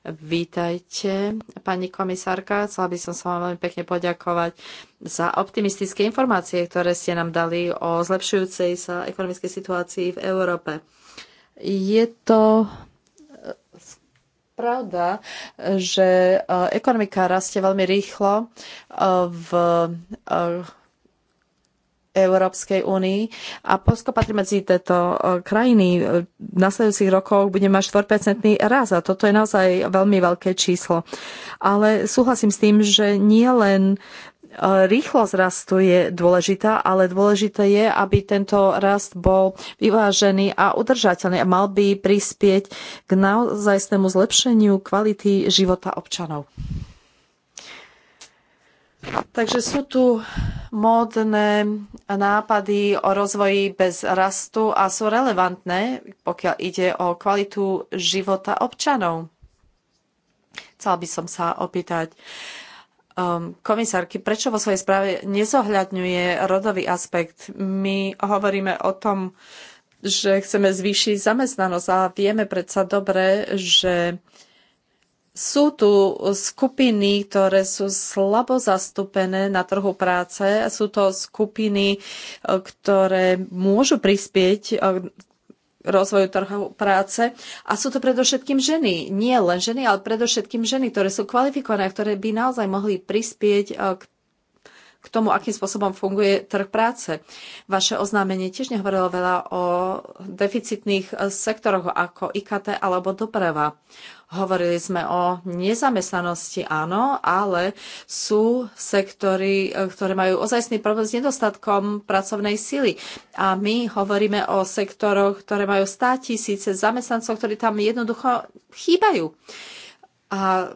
Speaker 3: Vítajte, pani komisárka. Chcela by som sa vám veľmi pekne poďakovať za optimistické informácie, ktoré ste nám dali o zlepšujúcej sa ekonomickej situácii v Európe. Je to pravda, že e, ekonomika rastie veľmi rýchlo e, v e, Európskej únii a Polsko patrí medzi tieto krajiny. V nasledujúcich rokoch bude mať 4% raz a toto je naozaj veľmi veľké číslo. Ale súhlasím s tým, že nie len Rýchlosť rastu je dôležitá, ale dôležité je, aby tento rast bol vyvážený a udržateľný a mal by prispieť k naozajstnému zlepšeniu kvality života občanov. Takže sú tu módne nápady o rozvoji bez rastu a sú relevantné, pokiaľ ide o kvalitu života občanov. Chcel by som sa opýtať, um, komisárky, prečo vo svojej správe nezohľadňuje rodový aspekt? My hovoríme o tom, že chceme zvýšiť zamestnanosť a vieme predsa dobre, že sú tu skupiny, ktoré sú slabo zastúpené na trhu práce. Sú to skupiny, ktoré môžu prispieť k rozvoju trhu práce. A sú to predovšetkým ženy. Nie len ženy, ale predovšetkým ženy, ktoré sú kvalifikované, ktoré by naozaj mohli prispieť e, k k tomu, akým spôsobom funguje trh práce. Vaše oznámenie tiež nehovorilo veľa o deficitných e, sektoroch ako IKT alebo doprava. Hovorili sme o nezamestnanosti, áno, ale sú sektory, e, ktoré majú ozajstný problém s nedostatkom pracovnej sily. A my hovoríme o sektoroch, ktoré majú 100 tisíce zamestnancov, ktorí tam jednoducho chýbajú. A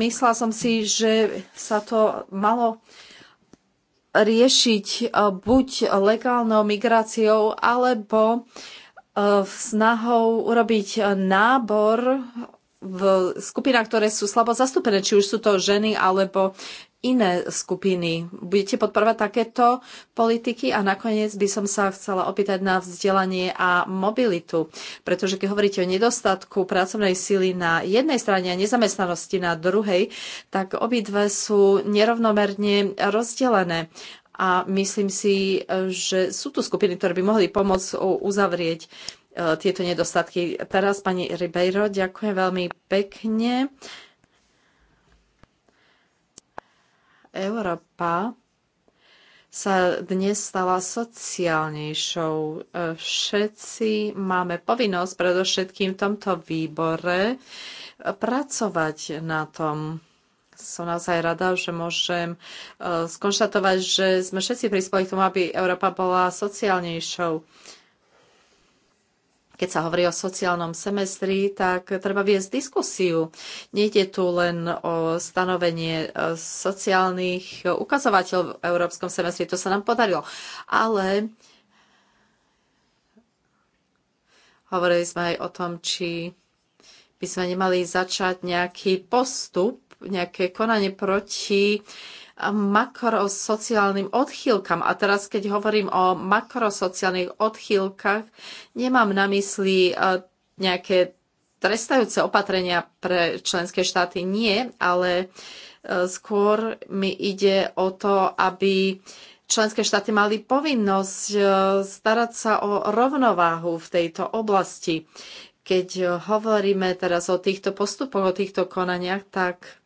Speaker 3: myslela som si, že sa to malo riešiť e, buď legálnou migráciou, alebo e, snahou urobiť nábor v skupinách, ktoré sú slabo zastúpené, či už sú to ženy alebo iné skupiny. Budete podporovať takéto politiky? A nakoniec by som sa chcela opýtať na vzdelanie a mobilitu. Pretože keď hovoríte o nedostatku pracovnej síly na jednej strane a nezamestnanosti na druhej, tak obidve sú nerovnomerne rozdelené. A myslím si, že sú tu skupiny, ktoré by mohli pomôcť uzavrieť E, tieto nedostatky. Teraz pani Ribeiro, ďakujem veľmi pekne. Európa sa dnes stala sociálnejšou. E, všetci máme povinnosť, predovšetkým v tomto výbore, pracovať na tom. Som naozaj rada, že môžem e, skonštatovať, že sme všetci prispeli k tomu, aby Európa bola sociálnejšou. Keď sa hovorí o sociálnom semestri, tak treba viesť diskusiu. Nejde tu len o stanovenie e, sociálnych ukazovateľov v európskom semestri, to sa nám podarilo. Ale hovorili sme aj o tom, či by sme nemali začať nejaký postup, nejaké konanie proti makrosociálnym odchýlkam. A teraz, keď hovorím o makrosociálnych odchýlkach, nemám na mysli e, nejaké trestajúce opatrenia pre členské štáty. Nie, ale e, skôr mi ide o to, aby členské štáty mali povinnosť e, starať sa o rovnováhu v tejto oblasti. Keď hovoríme teraz o týchto postupoch, o týchto konaniach, tak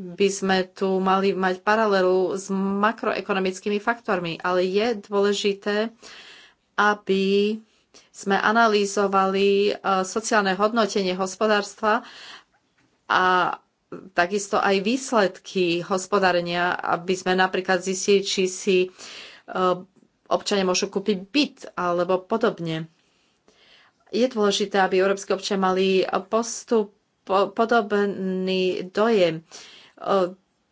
Speaker 3: by sme tu mali mať paralelu s makroekonomickými faktormi, ale je dôležité, aby sme analýzovali e, sociálne hodnotenie hospodárstva a takisto aj výsledky hospodárenia, aby sme napríklad zistili, či si e, občania môžu kúpiť byt alebo podobne. Je dôležité, aby európske občania mali postup, podobný dojem. Uh, E,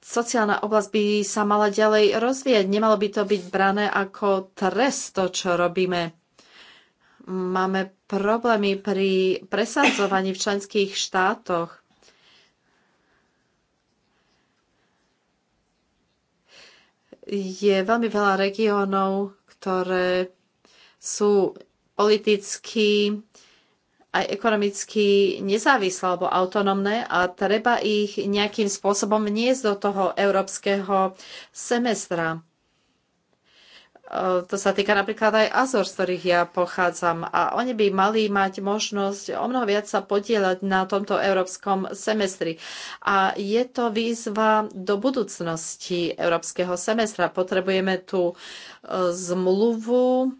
Speaker 3: sociálna oblasť by sa mala ďalej rozvíjať. Nemalo by to byť brané ako trest, to, čo robíme. Máme problémy pri presadzovaní v členských štátoch. Je veľmi veľa regiónov, ktoré sú politicky aj ekonomicky nezávislé alebo autonómne a treba ich nejakým spôsobom vniesť do toho európskeho semestra. E, to sa týka napríklad aj Azor, z ktorých ja pochádzam. A oni by mali mať možnosť o mnoho viac sa podielať na tomto európskom semestri. A je to výzva do budúcnosti európskeho semestra. Potrebujeme tú e, zmluvu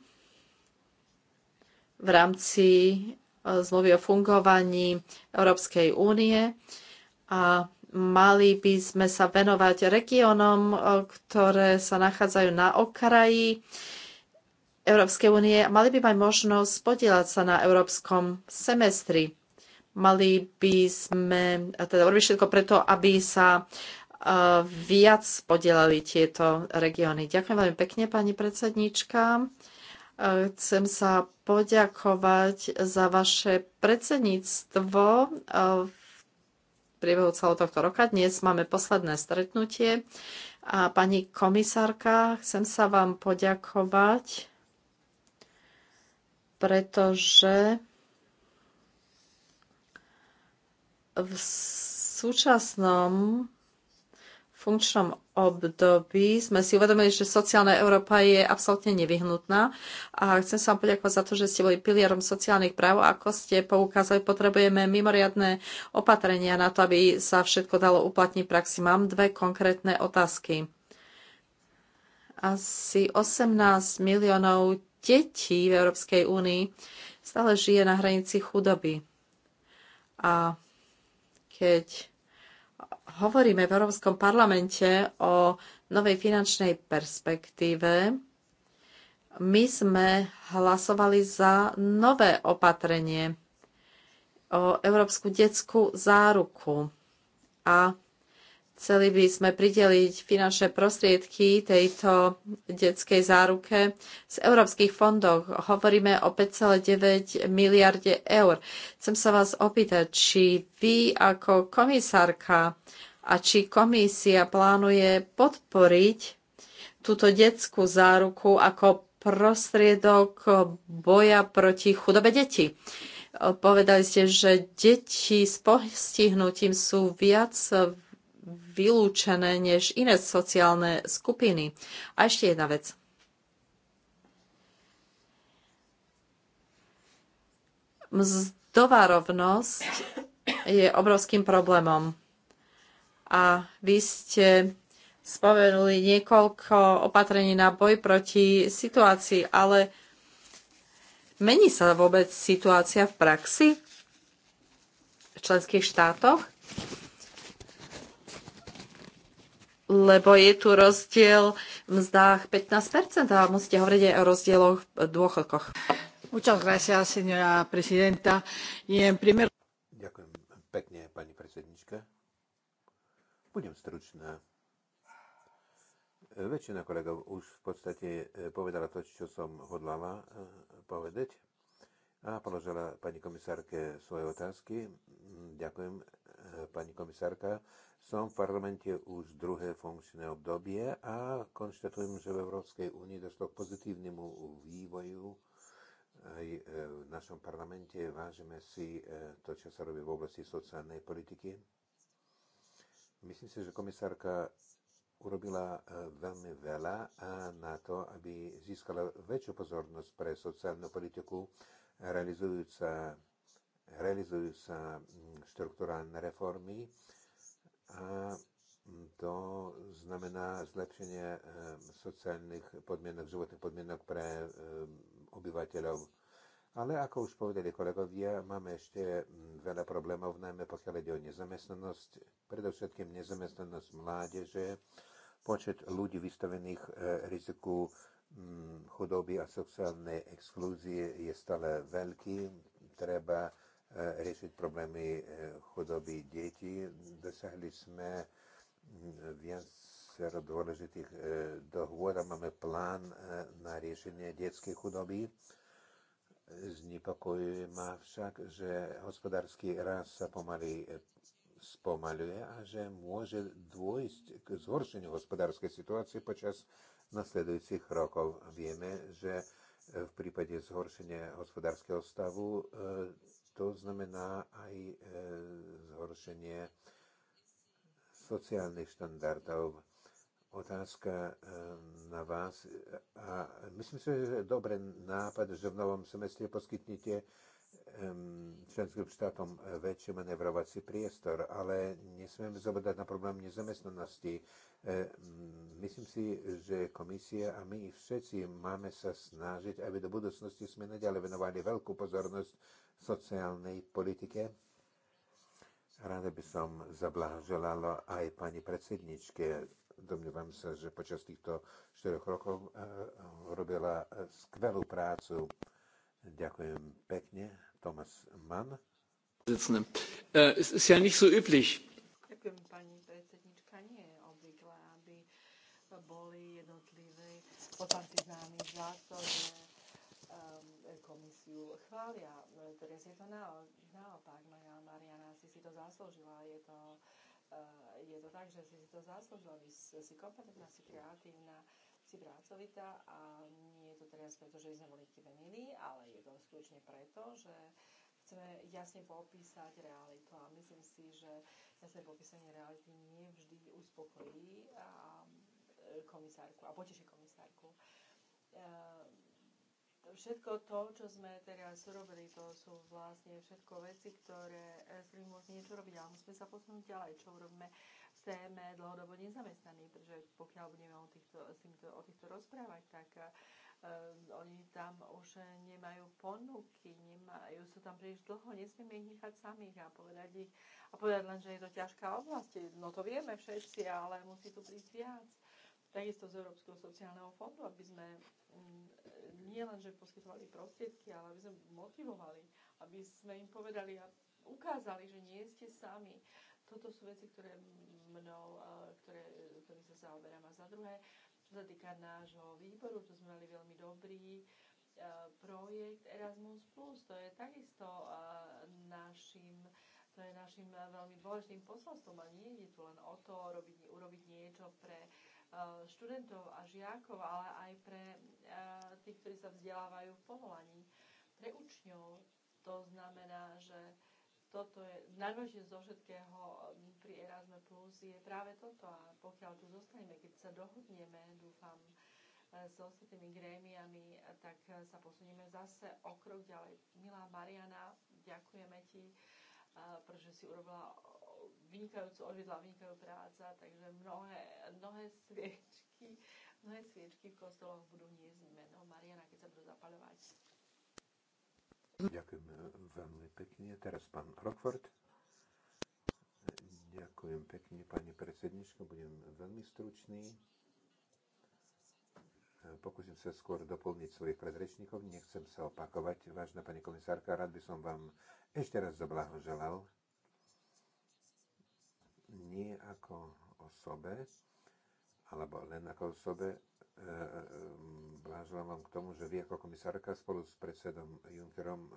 Speaker 3: v rámci E, zmluvy o fungovaní Európskej únie a mali by sme sa venovať regiónom, e, ktoré sa nachádzajú na okraji Európskej únie a mali by mať možnosť podielať sa na európskom semestri. Mali by sme teda urobiť všetko preto, aby sa e, viac podielali tieto regióny. Ďakujem veľmi pekne, pani predsedníčka. Chcem sa poďakovať za vaše predsedníctvo e, v priebehu celého tohto roka. Dnes máme posledné stretnutie. A pani komisárka, chcem sa vám poďakovať, pretože v súčasnom funkčnom období sme si uvedomili, že sociálna Európa je absolútne nevyhnutná a chcem sa vám poďakovať za to, že ste boli pilierom sociálnych práv a ako ste poukázali, potrebujeme mimoriadné opatrenia na to, aby sa všetko dalo uplatniť v praxi. Mám dve konkrétne otázky. Asi 18 miliónov detí v Európskej únii stále žije na hranici chudoby. A keď hovoríme v Európskom parlamente o novej finančnej perspektíve, my sme hlasovali za nové opatrenie o Európsku detskú záruku. A Chceli by sme prideliť finančné prostriedky tejto detskej záruke z európskych fondov. Hovoríme o 5,9 miliarde eur. Chcem sa vás opýtať, či vy ako komisárka a či komisia plánuje podporiť túto detskú záruku ako prostriedok boja proti chudobe detí. Povedali ste, že deti s postihnutím sú viac vylúčené než iné sociálne skupiny. A ešte jedna vec. Mzdová rovnosť je obrovským problémom. A vy ste spomenuli niekoľko opatrení na boj proti situácii, ale mení sa vôbec situácia v praxi v členských štátoch? lebo je tu rozdiel v mzdách 15% a musíte hovoriť aj o rozdieloch v dôchodkoch. Muchas gracias, señora presidenta. Y en primer...
Speaker 2: Ďakujem pekne, pani predsednička. Budem stručná. Väčšina kolegov už v podstate e, povedala to, čo som hodlala e, povedať a položila pani komisárke svoje otázky. Ďakujem, e, pani komisárka som v parlamente už druhé funkčné obdobie a konštatujem, že v Európskej únii došlo k pozitívnemu vývoju aj e, v našom parlamente. Vážime si e, to, čo sa robí v oblasti sociálnej politiky. Myslím si, že komisárka urobila e, veľmi veľa na to, aby získala väčšiu pozornosť pre sociálnu politiku, realizujú sa, realizujú sa štruktúrálne reformy, a mm, to znamená zlepšenie sociálnych podmienok, životných podmienok pre obyvateľov. Ale ako už povedali kolegovia, máme ešte mm, veľa problémov, najmä pokiaľ ide o nezamestnanosť, predovšetkým nezamestnanosť mládeže, počet ľudí vystavených e, riziku mm, chudoby a sociálnej exklúzie je stále veľký. Treba E, riešiť problémy e, chudoby detí. Dosiahli sme viacero dôležitých e, dohôd a máme plán na riešenie detskej chudoby. Znepokojuje ma však, že hospodársky rast sa pomaly spomaluje a že môže dôjsť k zhoršeniu hospodárskej situácie počas nasledujúcich rokov. Vieme, že v prípade zhoršenia hospodárskeho stavu to znamená aj e, zhoršenie sociálnych štandardov. Otázka e, na vás. E, a myslím si, že dobrý nápad, že v novom semestri poskytnete členským štátom väčší manevrovací priestor, ale nesmieme zobodať na problém nezamestnanosti. Myslím si, že komisia a my všetci máme sa snažiť, aby do budúcnosti sme nadalej venovali veľkú pozornosť sociálnej politike. Rada by som zablahoželala aj pani predsedničke. Domnievam sa, že počas týchto 4 rokov eh, robila skvelú prácu. Ďakujem pekne. Thomas Mann. Äh, es ist ja nicht so üblich.
Speaker 1: Ďakujem, pani predsednička. Nie je obvyklé, aby boli jednotliví poslanci známi za to, že Um, komisiu chvália. Teraz je to naopak. Mariana si si to zaslúžila. Je to, uh, je to tak, že si si to zaslúžila. Vy si kompetentná, si kreatívna, si pracovitá a nie je to teraz preto, že sme boli k tebe milí, ale je to skutočne preto, že chceme jasne popísať realitu a myslím si, že jasné popísanie reality nie vždy uspokojí a um, komisárku a poteší komisárku. Uh, Všetko to, čo sme teraz robili, to sú vlastne všetko veci, ktoré, e, s ktorými môžeme niečo robiť, ale musíme sa posunúť ďalej, čo robíme v téme dlhodobo nezamestnaní, pretože pokiaľ budeme o týchto, s týmto, o týchto rozprávať, tak uh, oni tam už nemajú ponuky, nemajú, sú tam príliš dlho, nesmieme ich nechať samých a povedať, ich, a povedať len, že je to ťažká oblasť. No to vieme všetci, ale musí tu prísť viac takisto z Európskeho sociálneho fondu, aby sme mm, nie len, že poskytovali prostriedky, ale aby sme motivovali, aby sme im povedali a ukázali, že nie ste sami. Toto sú veci, ktoré mnou, e, ktoré, ktorým sa zaoberám. A za druhé, čo sa týka nášho výboru, tu sme mali veľmi dobrý e, projekt Erasmus+. Plus, To je takisto e, našim to je našim veľmi dôležitým posolstvom a nie je tu len o to robiť, urobiť niečo pre Eh, študentov a žiakov, ale aj pre eh, tých, ktorí sa vzdelávajú v povolaní, pre učňov. To znamená, že toto je najdôležité zo všetkého eh, pri Erasme Plus je práve toto a pokiaľ tu zostaneme, keď sa dohodneme, dúfam, s ostatnými grémiami, tak sa posunieme zase o krok ďalej. Milá Mariana, ďakujeme ti, pretože si urobila vynikajúcu, odvedla vynikajú práca, takže mnohé, mnohé sviečky, mnohé sviečky v kostoloch budú niesť meno Mariana, keď sa budú zapaľovať.
Speaker 2: Ďakujem eh, veľmi pekne. Teraz pán Rockford. Ďakujem pekne, pani predsednička. Budem veľmi stručný. Eh, pokúsim sa skôr doplniť svojich predrečníkov. Nechcem sa opakovať. Vážna pani komisárka, rád by som vám ešte raz zablahoželal nie ako osobe, alebo len ako osobe, e, e, blahoželám vám k tomu, že vy ako komisárka spolu s predsedom Junckerom e,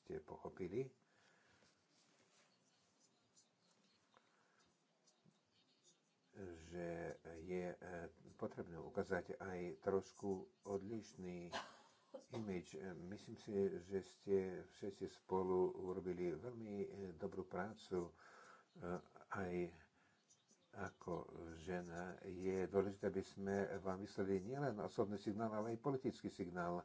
Speaker 2: ste pochopili, že je potrebné ukázať aj trošku odlišný image. Myslím si, že ste všetci spolu urobili veľmi dobrú prácu aj ako žena, je dôležité, aby sme vám vysleli nielen osobný signál, ale aj politický signál. E,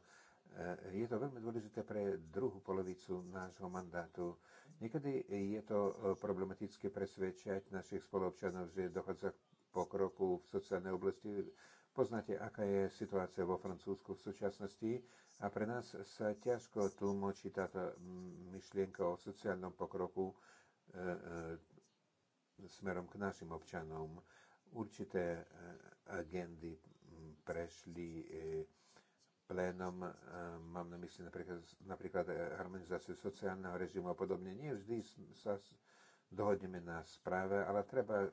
Speaker 2: je to veľmi dôležité pre druhú polovicu nášho mandátu. Niekedy je to e, problematické presvedčať našich spoluobčanov, že dochádza k pokroku v sociálnej oblasti. Poznáte, aká je situácia vo Francúzsku v súčasnosti a pre nás sa ťažko tlmočí táto myšlienka o sociálnom pokroku e, smerom k našim občanom. Určité e, agendy prešli e, plénom, e, mám na mysli napríklad, napríklad harmonizáciu sociálneho režimu a podobne. Nie vždy sa dohodneme na správe, ale treba e,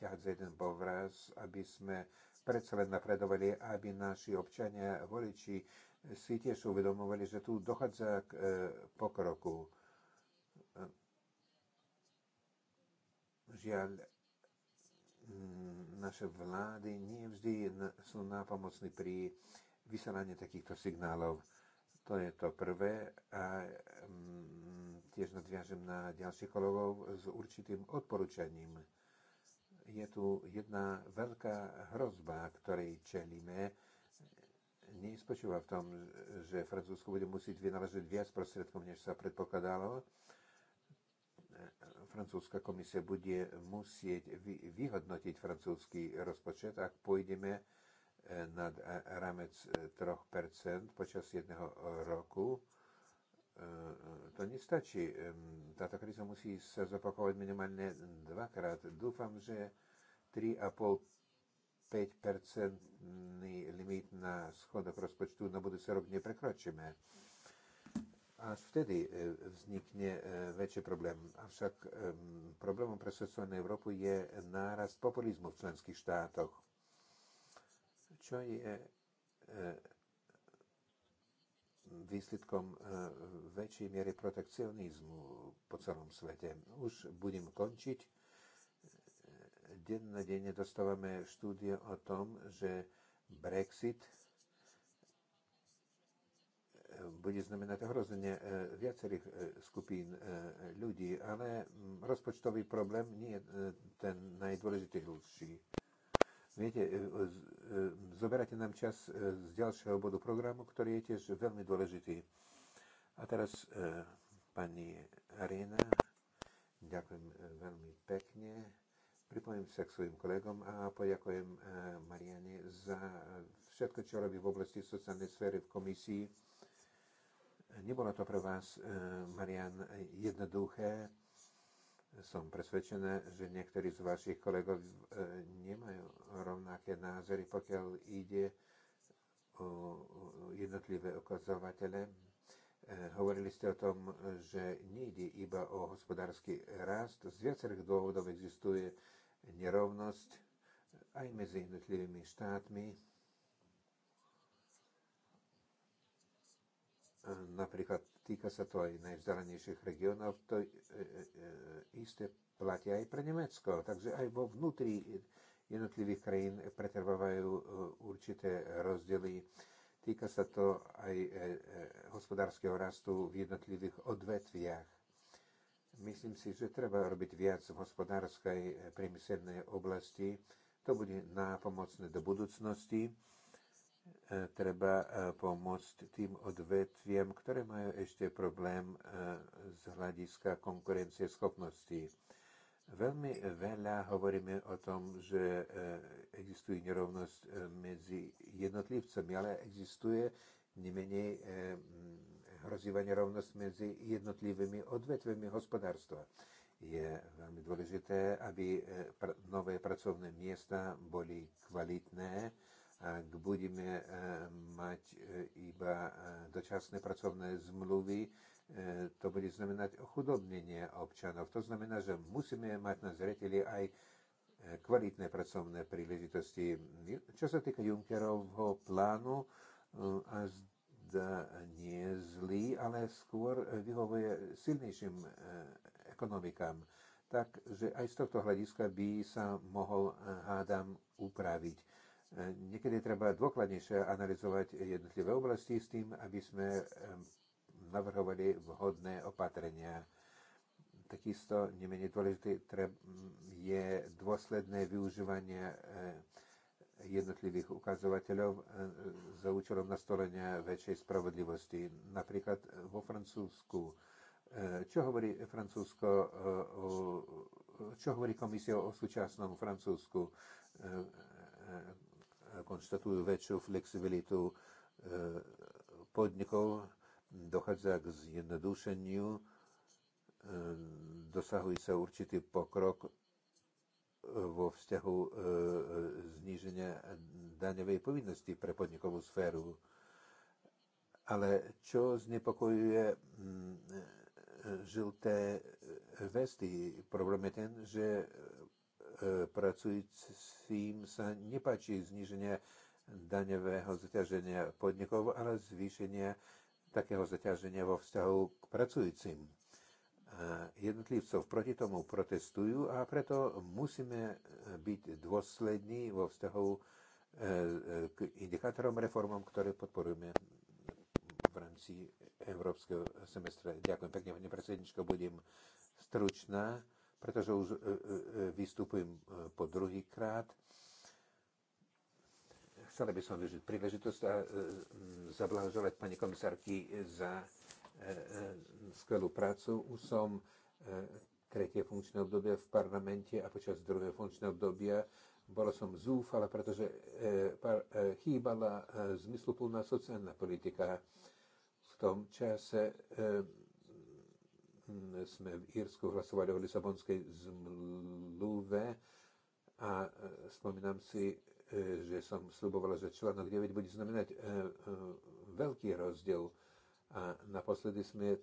Speaker 2: ťahať za jeden povraz, aby sme predsa len napredovali, aby naši občania, voliči si tiež uvedomovali, že tu dochádza k e, pokroku. Žiaľ, mm, naše vlády nie vždy sú nápomocní pri vysielaní takýchto signálov. To je to prvé a mm, tiež nadviažem na ďalších kolegov s určitým odporúčaním. Je tu jedna veľká hrozba, ktorej čelíme. Nespočíva v tom, že Francúzsko bude musieť vynaložiť viac prostriedkov, než sa predpokladalo francúzska komisia bude musieť vyhodnotiť francúzsky rozpočet, ak pôjdeme e, nad e, ramec 3% e, počas jedného roku. To nestačí. Táto kríza musí sa zopakovať minimálne dvakrát. Dúfam, že 3,5-5% limit na schodok rozpočtu na budúci rok neprekročíme až vtedy e, vznikne e, väčší problém. Avšak e, problémom pre sociálnu Európu je nárast populizmu v členských štátoch, čo je výsledkom väčšej miery protekcionizmu po celom svete. Už budem končiť. Dennodenne dostávame štúdie o tom, že Brexit bude znamenať ohrozenie e, viacerých e, skupín e, ľudí, ale mm, rozpočtový problém nie je ten najdôležitejší. Viete, zoberáte nám čas z ďalšieho bodu programu, ktorý je tiež veľmi dôležitý. A teraz pani Arena, ďakujem veľmi pekne. Pripojím sa k svojim kolegom a poďakujem Mariane za všetko, čo robí v oblasti sociálnej sféry v komisii. Nebolo to pre vás, e, Marian, jednoduché. Som presvedčená, že niektorí z vašich kolegov e, nemajú rovnaké názory, pokiaľ ide o jednotlivé ukazovatele. E, hovorili ste o tom, že nejde iba o hospodársky rast. Z viacerých dôvodov existuje nerovnosť aj medzi jednotlivými štátmi Napríklad týka sa to aj najvzdalenejších regiónov, to e, e, e, isté platia aj pre Nemecko. Takže aj vo vnútri jednotlivých krajín pretrvávajú e, určité rozdiely. Týka sa to aj e, e, hospodárskeho rastu v jednotlivých odvetviach. Myslím si, že treba robiť viac v hospodárskej e, priemyselnej oblasti. To bude nápomocné do budúcnosti. E, treba e, pomôcť tým odvetviem, ktoré majú ešte problém e, z hľadiska konkurencie schopností. Veľmi veľa hovoríme o tom, že existuje nerovnosť medzi jednotlivcami, ale existuje nemenej hrozivá nerovnosť medzi jednotlivými odvetvami hospodárstva. Je veľmi dôležité, aby nové pracovné miesta boli kvalitné, ak budeme eh, mať eh, iba eh, dočasné pracovné zmluvy, to bude znamenať ochudobnenie občanov. To znamená, že musíme mať na zreteli aj kvalitné pracovné príležitosti. Čo sa týka Junckerovho plánu, a zda nie je zlý, ale skôr vyhovuje silnejším ekonomikám. Takže aj z tohto hľadiska by sa mohol, hádam, upraviť. E, niekedy treba dôkladnejšie analyzovať jednotlivé oblasti s tým, aby sme navrhovali vhodné opatrenia. Takisto nemenej dôležité je dôsledné využívanie e, jednotlivých ukazovateľov e, za účelom nastolenia väčšej spravodlivosti. Napríklad vo Francúzsku. Čo hovorí Francúzsko, čo hovorí komisia o súčasnom Francúzsku? konštatujú väčšiu flexibilitu e, podnikov, dochádza k zjednodušeniu, e, dosahuje sa určitý pokrok e, vo vzťahu zníženia daňovej povinnosti pre podnikovú sféru. Ale čo znepokojuje mm, žlté vesty? Problém je ten, že E, pracujúcim sa nepáči zniženie daňového zaťaženia podnikov, ale zvýšenie takého zaťaženia vo vzťahu k pracujúcim. Jednotlivcov proti tomu protestujú a preto musíme byť dôslední vo vzťahu e, e, k indikátorom, reformám, ktoré podporujeme v rámci európskeho semestra. Ďakujem pekne, pani predsednička, budem stručná pretože už e, e, e, vystupujem po druhý krát. Chcela by som využiť príležitosť a zablahoželať pani komisárky za skvelú prácu. Už som tretie funkčné obdobie v parlamente a počas druhého funkčného obdobia bola som zúfala, pretože chýbala zmysluplná sociálna politika. V tom čase sme v Írsku hlasovali o Lisabonskej zmluve a e, spomínam si, e, že som slubovala, že článok 9 bude znamenať e, veľký rozdiel. A naposledy sme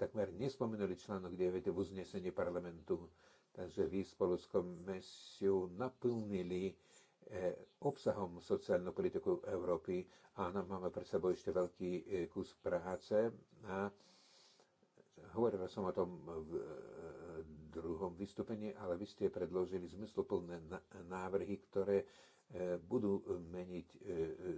Speaker 2: takmer nespomenuli článok 9 v uznesení parlamentu. Takže vy spolu s komisiou naplnili obsahom sociálnu politiku Európy. Áno, máme pred sebou ešte veľký kus práce a Hovorila som o tom v e, druhom vystúpení, ale vy ste predložili zmysluplné návrhy, ktoré e, budú meniť e,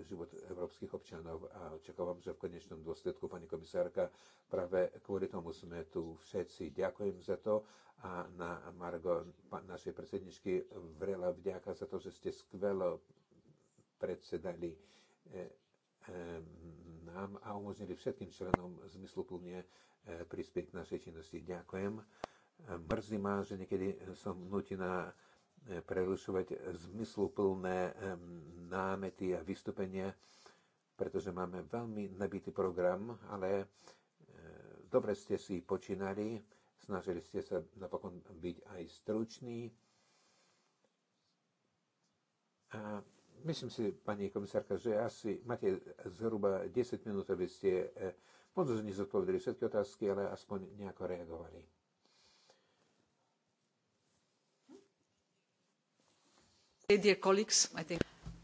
Speaker 2: život európskych občanov a očakávam, že v konečnom dôsledku, pani komisárka, práve kvôli tomu sme tu všetci. Ďakujem za to a na Margo, našej predsedničky, vrela vďaka za to, že ste skvelo predsedali Ehm, nám a umožnili všetkým členom zmysluplne e, prispieť k našej činnosti. Ďakujem. E, mrzí ma, že niekedy som nutená e, prerušovať zmysluplné ehm, námety a vystúpenia, pretože máme veľmi nabitý program, ale dobre ste si počínali, snažili ste sa napokon byť aj struční. A Myslím si, pani komisárka, že asi máte zhruba 10 minút, aby ste možno, že nezodpovedali všetky otázky, ale aspoň nejako reagovali.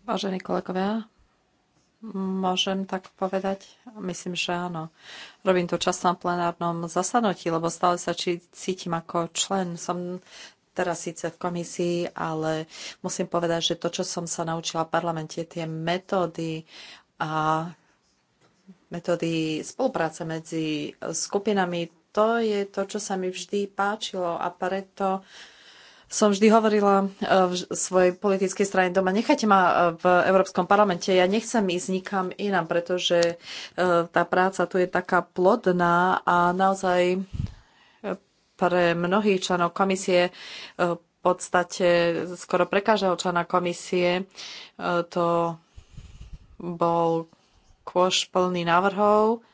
Speaker 3: Vážení kolegovia, môžem tak povedať? Myslím, že áno. Robím to často na plenárnom zasadnutí, lebo stále sa či, cítim ako člen. Som teraz síce v komisii, ale musím povedať, že to, čo som sa naučila v parlamente, tie metódy a metódy spolupráce medzi skupinami, to je to, čo sa mi vždy páčilo a preto som vždy hovorila e, v svojej politickej strane doma, nechajte ma e, v Európskom parlamente, ja nechcem ísť nikam inám, pretože e, tá práca tu je taká plodná a naozaj pre mnohých členov komisie e, v podstate skoro pre každého člena komisie e, to bol kôš plný návrhov.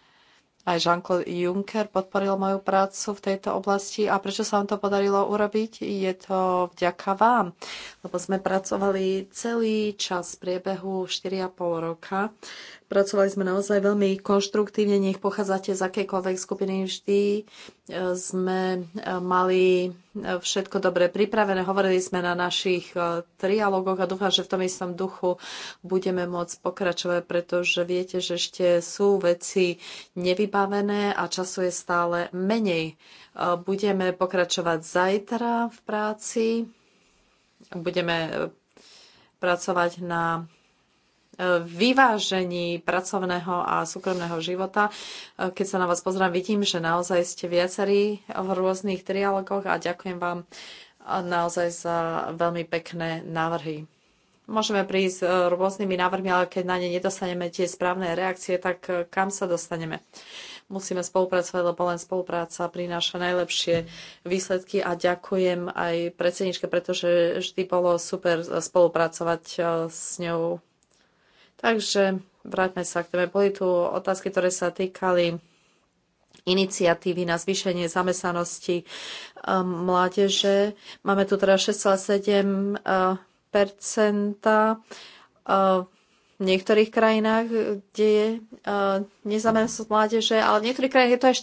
Speaker 3: Aj Jean-Claude Juncker podporil moju prácu v tejto oblasti. A prečo sa vám to podarilo urobiť? Je to vďaka vám, lebo sme pracovali celý čas v priebehu 4,5 roka Pracovali sme naozaj veľmi konštruktívne, nech pochádzate z akékoľvek skupiny. Vždy e, sme e, mali e, všetko dobre pripravené. Hovorili sme na našich trialogoch a dúfam, že v tom istom duchu budeme môcť pokračovať, pretože viete, že ešte sú veci nevybavené a času je stále menej. Budeme pokračovať zajtra v práci. Budeme pracovať na vyvážení pracovného a súkromného života. E, keď sa na vás pozriem, vidím, že naozaj ste viacerí v rôznych trialogoch a ďakujem vám e, naozaj za veľmi pekné návrhy. Môžeme prísť e, rôznymi návrhmi, ale keď na ne nedostaneme tie správne reakcie, tak kam sa dostaneme? Musíme spolupracovať, lebo len spolupráca prináša najlepšie výsledky a ďakujem aj predsedničke, pretože vždy bolo super spolupracovať s ňou Takže vráťme sa k téme. Boli tu otázky, ktoré sa týkali iniciatívy na zvýšenie zamestnanosti um, mládeže. Máme tu teda 6,7 uh, percenta uh, v niektorých krajinách, e, kde je uh, nezamestnanosť mládeže, ale v niektorých krajinách je to aj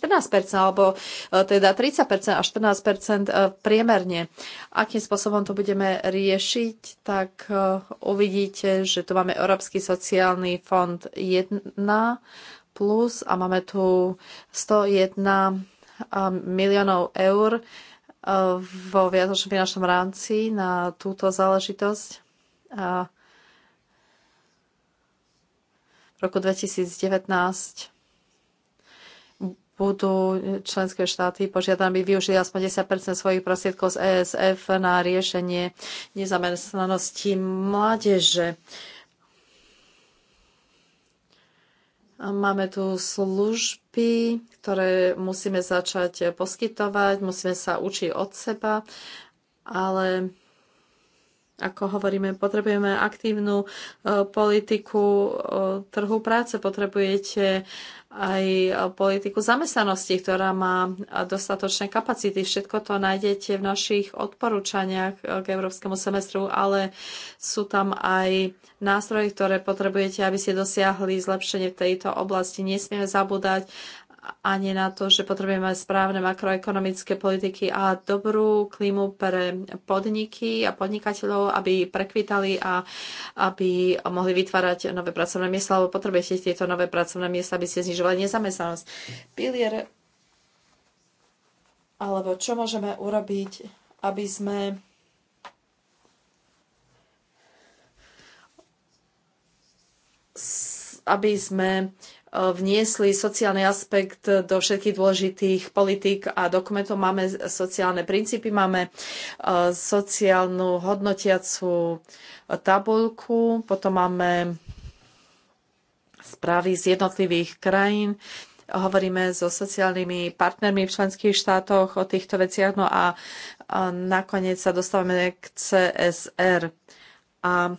Speaker 3: 14%, alebo uh, teda 30% a 14% uh, priemerne. Akým spôsobom to budeme riešiť, tak uh, uvidíte, že tu máme Európsky sociálny fond 1 plus a máme tu 101 uh, miliónov eur uh, vo viacročnom finančnom rámci na túto záležitosť. Uh, roku 2019 budú členské štáty požiadané, aby využili aspoň 10 svojich prostriedkov z ESF na riešenie nezamestnanosti mládeže. Máme tu služby, ktoré musíme začať poskytovať, musíme sa učiť od seba, ale ako hovoríme, potrebujeme aktívnu e, politiku e, trhu práce, potrebujete aj e, politiku zamestnanosti, ktorá má dostatočné kapacity. Všetko to nájdete v našich odporúčaniach k Európskemu semestru, ale sú tam aj nástroje, ktoré potrebujete, aby ste dosiahli zlepšenie v tejto oblasti. Nesmieme zabúdať ani na to, že potrebujeme správne makroekonomické politiky a dobrú klímu pre podniky a podnikateľov, aby prekvitali a aby mohli vytvárať nové pracovné miesta, alebo potrebujete tieto nové pracovné miesta, aby ste znižovali nezamestnanosť. Pilier, alebo čo môžeme urobiť, aby sme aby sme Eh, vniesli sociálny aspekt do všetkých dôležitých politík a dokumentov. Máme sociálne princípy, máme eh, sociálnu hodnotiacu eh, tabulku, potom máme správy z jednotlivých krajín, hovoríme so sociálnymi partnermi v členských štátoch o týchto veciach, no a, a nakoniec sa dostávame k CSR. A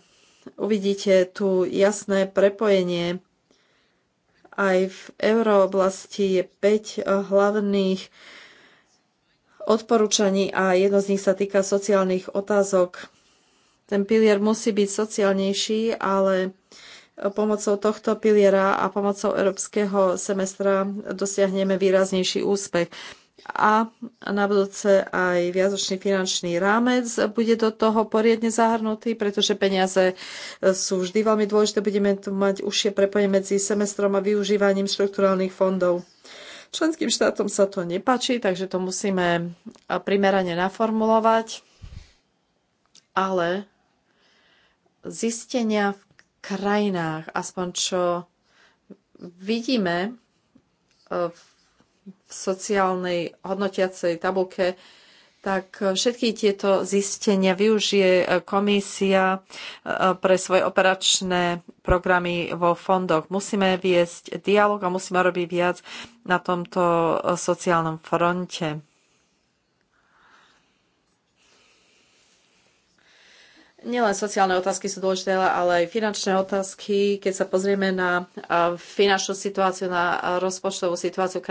Speaker 3: uvidíte tu jasné prepojenie aj v eurooblasti je 5 eh, hlavných odporúčaní a jedno z nich sa týka sociálnych otázok. Ten pilier musí byť sociálnejší, ale eh, pomocou tohto piliera a pomocou európskeho semestra dosiahneme výraznejší úspech a na budúce aj viazočný finančný rámec bude do toho poriadne zahrnutý, pretože peniaze sú vždy veľmi dôležité. Budeme tu mať užšie prepojenie medzi semestrom a využívaním štrukturálnych fondov. Členským štátom sa to nepačí, takže to musíme primerane naformulovať. Ale zistenia v krajinách, aspoň čo vidíme eh, v v sociálnej hodnotiacej tabulke, tak všetky tieto zistenia využije komisia e, pre svoje operačné programy vo fondoch. Musíme viesť dialog a musíme robiť viac na tomto e, sociálnom fronte. Nielen sociálne otázky sú dôležité, ale aj finančné otázky. Keď sa pozrieme na finančnú situáciu, na rozpočtovú situáciu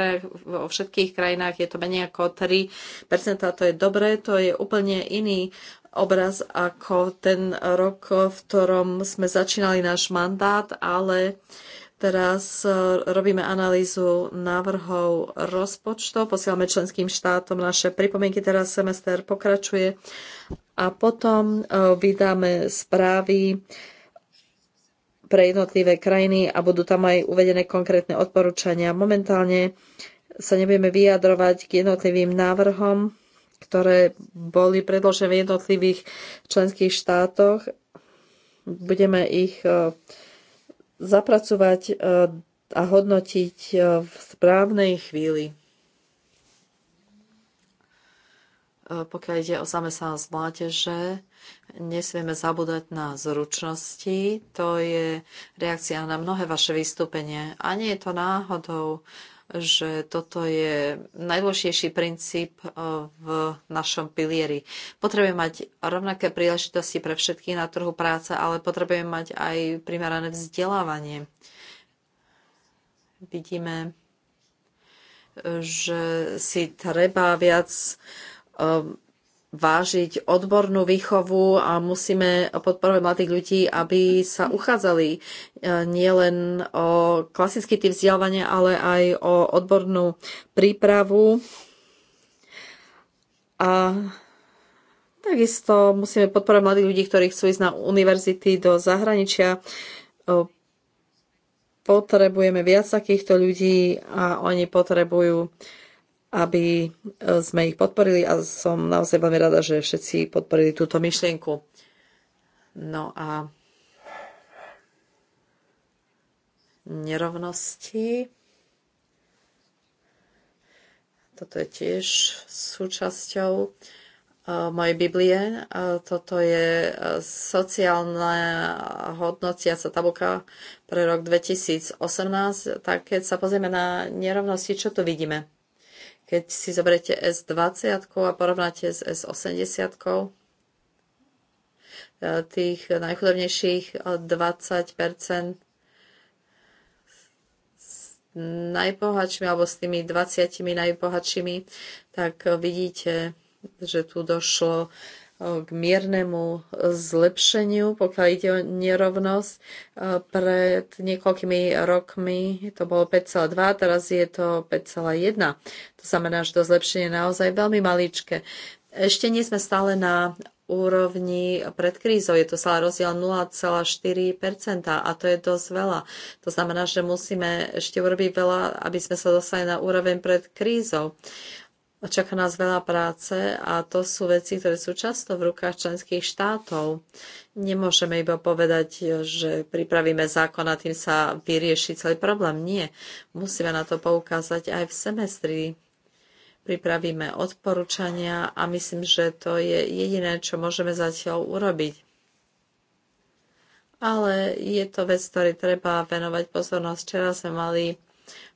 Speaker 3: vo všetkých krajinách, je to menej ako 3%. To je dobré, to je úplne iný obraz ako ten rok, v ktorom sme začínali náš mandát, ale teraz e, robíme analýzu návrhov rozpočtov, posielame členským štátom naše pripomienky, teraz semester pokračuje a potom e, vydáme správy pre jednotlivé krajiny a budú tam aj uvedené konkrétne odporúčania. Momentálne sa nebudeme vyjadrovať k jednotlivým návrhom, ktoré boli predložené v jednotlivých členských štátoch. Budeme ich e, zapracovať e, a hodnotiť v správnej chvíli. E, pokiaľ ide o zamestnanosť mládeže, nesmieme zabúdať na zručnosti. To je reakcia na mnohé vaše vystúpenie. A nie je to náhodou, že toto je najdôležitejší princíp e, v našom pilieri. Potrebujeme mať rovnaké príležitosti pre všetky na trhu práce, ale potrebujeme mať aj primerané vzdelávanie. Vidíme, e, že si treba viac uh, Um, vážiť odbornú výchovu a musíme podporovať mladých ľudí, aby sa uchádzali uh, nielen o klasický typ vzdelávania, ale aj o odbornú prípravu. A takisto musíme podporovať mladých ľudí, ktorí chcú ísť na univerzity do zahraničia. Uh, potrebujeme viac takýchto ľudí a oni potrebujú aby e, sme ich podporili a som naozaj veľmi rada, že všetci podporili túto myšlienku. No a nerovnosti. Toto je tiež súčasťou e, mojej Biblie. E, toto je sociálna hodnotiaca tabulka pre rok 2018. Tak keď sa pozrieme na nerovnosti, čo tu vidíme? Keď si zoberiete S20 a porovnáte s S80, e, tých najchudobnejších 20 e, s najbohatšími alebo s tými 20 najbohatšími, tak vidíte, že tu došlo k miernemu zlepšeniu, pokiaľ ide o nerovnosť. Pred niekoľkými rokmi to bolo 5,2, teraz je to 5,1. To znamená, že to zlepšenie je naozaj veľmi maličké. Ešte nie sme stále na úrovni pred krízou. Je to stále rozdiel 0,4% a to je dosť veľa. To znamená, že musíme ešte urobiť veľa, aby sme sa dostali na úroveň pred krízou. Čaká nás veľa práce a to sú veci, ktoré sú často v rukách členských štátov. Nemôžeme iba povedať, že pripravíme zákon a tým sa vyrieši celý problém. Nie. Musíme na to poukázať aj v semestri. Pripravíme odporúčania a myslím, že to je jediné, čo môžeme zatiaľ urobiť. Ale je to vec, ktorej treba venovať pozornosť. Včera sme mali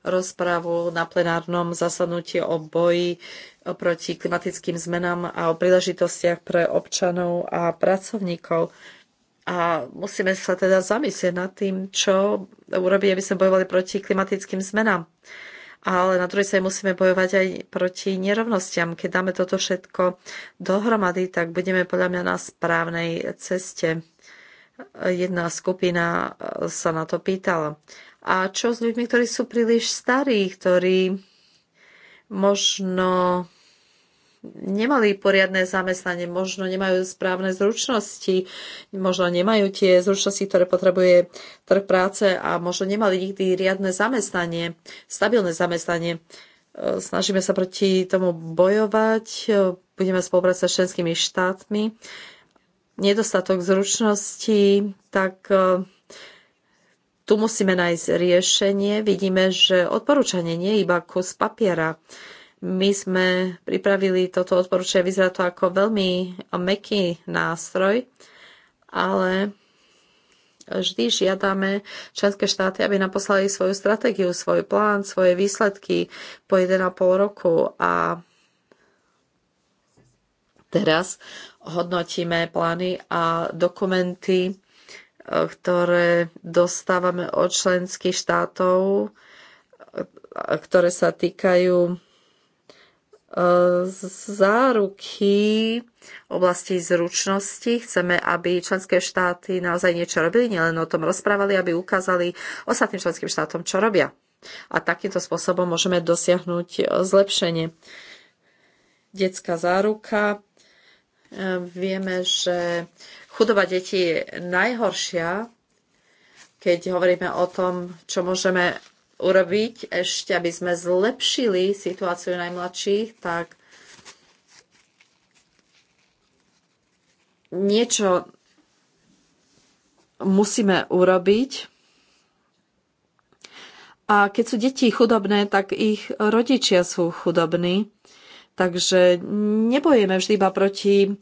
Speaker 3: rozpravu na plenárnom zasadnutí o boji proti klimatickým zmenám a o príležitostiach pre občanov a pracovníkov. A musíme sa teda zamyslieť nad tým, čo urobiť, aby sme bojovali proti klimatickým zmenám. Ale na druhej strane musíme bojovať aj proti nerovnostiam. Keď dáme toto všetko dohromady, tak budeme podľa mňa na správnej ceste. Jedna skupina sa na to pýtala. A čo s ľuďmi, ktorí sú príliš starí, ktorí možno nemali poriadne zamestnanie, možno nemajú správne zručnosti, možno nemajú tie zručnosti, ktoré potrebuje trh práce a možno nemali nikdy riadne zamestnanie, stabilné zamestnanie. E, snažíme sa proti tomu bojovať, e, budeme spolupracovať s členskými štátmi. Nedostatok zručnosti, tak e, tu musíme nájsť riešenie. Vidíme, že odporúčanie nie je iba kus papiera. My sme pripravili toto odporúčanie, vyzerá to ako veľmi meký nástroj, ale vždy žiadame členské štáty, aby nám poslali svoju stratégiu, svoj plán, svoje výsledky po 1,5 roku a teraz hodnotíme plány a dokumenty ktoré dostávame od členských štátov, ktoré sa týkajú e, záruky v oblasti zručnosti. Chceme, aby členské štáty naozaj niečo robili, nielen o tom rozprávali, aby ukázali ostatným členským štátom, čo robia. A takýmto spôsobom môžeme dosiahnuť zlepšenie. Detská záruka Vieme, že chudoba detí je najhoršia, keď hovoríme o tom, čo môžeme urobiť ešte, aby sme zlepšili situáciu najmladších, tak niečo musíme urobiť. A keď sú deti chudobné, tak ich rodičia sú chudobní. Takže nebojeme vždy iba proti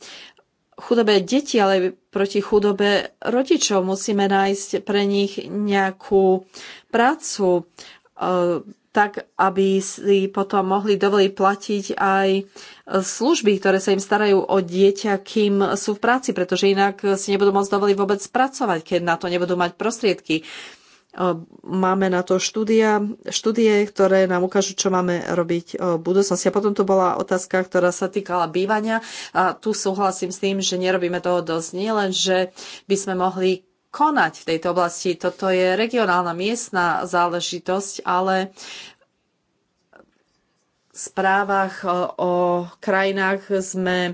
Speaker 3: chudobe detí, ale proti chudobe rodičov. Musíme nájsť pre nich nejakú prácu, e, tak aby si potom mohli dovoliť platiť aj služby, ktoré sa im starajú o dieťa, kým sú v práci, pretože inak si nebudú môcť dovoliť vôbec pracovať, keď na to nebudú mať prostriedky. Máme na to štúdia, štúdie, ktoré nám ukážu, čo máme robiť e, v budúcnosti. A potom tu bola otázka, ktorá sa týkala bývania. A tu súhlasím s tým, že nerobíme toho dosť. Nie len, že by sme mohli konať v tejto oblasti. Toto je regionálna miestna záležitosť, ale správach e, o krajinách sme e,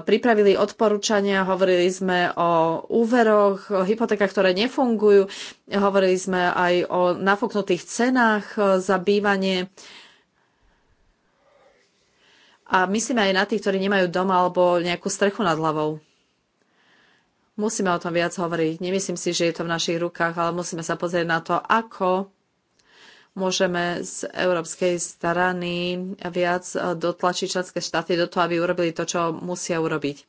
Speaker 3: pripravili odporúčania, hovorili sme o úveroch, o hypotékach, ktoré nefungujú, hovorili sme aj o nafúknutých cenách e, za bývanie. A myslíme aj na tých, ktorí nemajú doma alebo nejakú strechu nad hlavou. Musíme o tom viac hovoriť. Nemyslím si, že je to v našich rukách, ale musíme sa pozrieť na to, ako môžeme z európskej strany viac e, dotlačiť členské štáty do toho, aby urobili to, čo musia urobiť.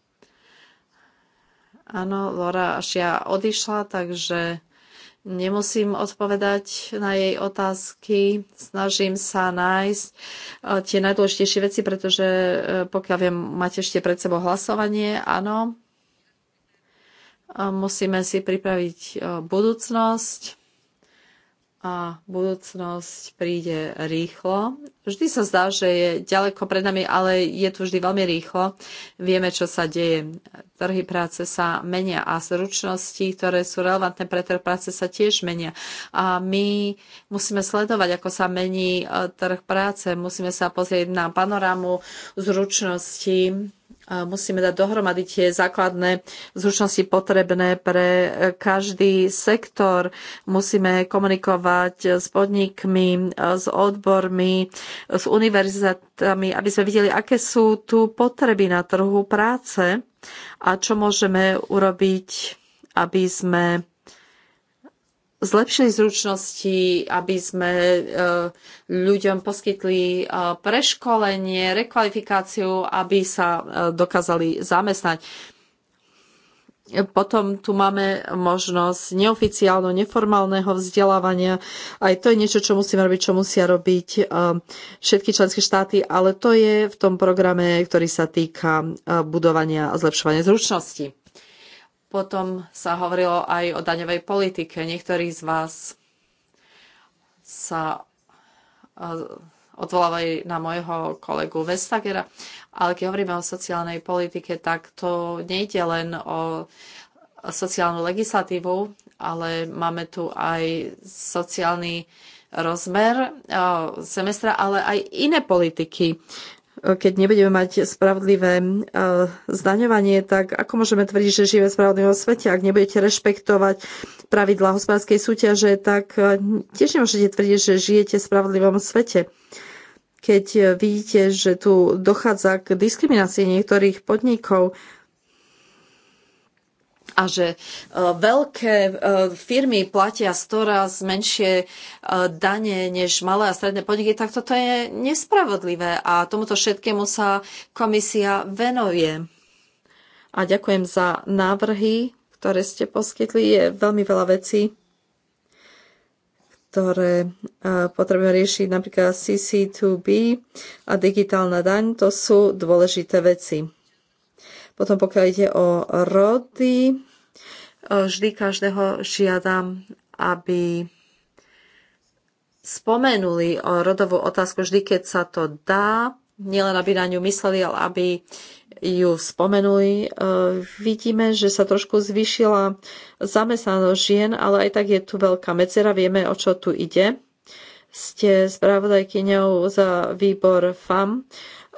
Speaker 3: Áno, Lora až ja odišla, takže nemusím odpovedať na jej otázky. Snažím sa nájsť e, tie najdôležitejšie veci, pretože e, pokiaľ viem, máte ešte pred sebou hlasovanie, áno. Musíme si pripraviť budúcnosť a budúcnosť príde rýchlo vždy sa zdá, že je ďaleko pred nami, ale je tu vždy veľmi rýchlo. Vieme, čo sa deje. Trhy práce sa menia a zručnosti, ktoré sú relevantné pre trh práce, sa tiež menia. A my musíme sledovať, ako sa mení e, trh práce. Musíme sa pozrieť na panorámu zručnosti e, musíme dať dohromady tie základné zručnosti potrebné pre e, každý sektor. Musíme komunikovať s podnikmi, s odbormi, s univerzitami, aby sme videli, aké sú tu potreby na trhu práce a čo môžeme urobiť, aby sme zlepšili zručnosti, aby sme eh, ľuďom poskytli eh, preškolenie, rekvalifikáciu, aby sa eh, dokázali zamestnať potom tu máme možnosť neoficiálno neformálneho vzdelávania. Aj to je niečo, čo musíme robiť, čo musia robiť eh, všetky členské štáty, ale to je v tom programe, ktorý sa týka eh, budovania a zlepšovania zručností. Potom sa hovorilo aj o daňovej politike. Niektorí z vás sa eh, odvolávajú na môjho kolegu Vestagera, ale keď hovoríme o sociálnej politike, tak to nejde len o sociálnu legislatívu, ale máme tu aj sociálny rozmer e, semestra, ale aj iné politiky. E, keď nebudeme mať spravodlivé e, zdaňovanie, tak ako môžeme tvrdiť, že žijeme v spravodlivom svete? Ak nebudete rešpektovať pravidla hospodárskej súťaže, tak tiež nemôžete tvrdiť, že žijete v spravodlivom svete keď e, vidíte, že tu dochádza k diskriminácii niektorých podnikov a že e, veľké e, firmy platia storaz menšie dane než malé a stredné podniky, tak toto je nespravodlivé a tomuto všetkému sa komisia venuje. A ďakujem za návrhy, ktoré ste poskytli. Je veľmi veľa vecí, ktoré e, potrebujeme riešiť, napríklad CC2B a digitálna daň, to sú dôležité veci. Potom pokiaľ ide o rody, e, vždy každého žiadam, aby spomenuli o rodovú otázku vždy, keď sa to dá, nielen aby na ňu mysleli, ale aby ju spomenuli, e, vidíme, že sa trošku zvyšila zamestnanosť žien, ale aj tak je tu veľká medzera, vieme, o čo tu ide. Ste spravodajkyňou za výbor FAM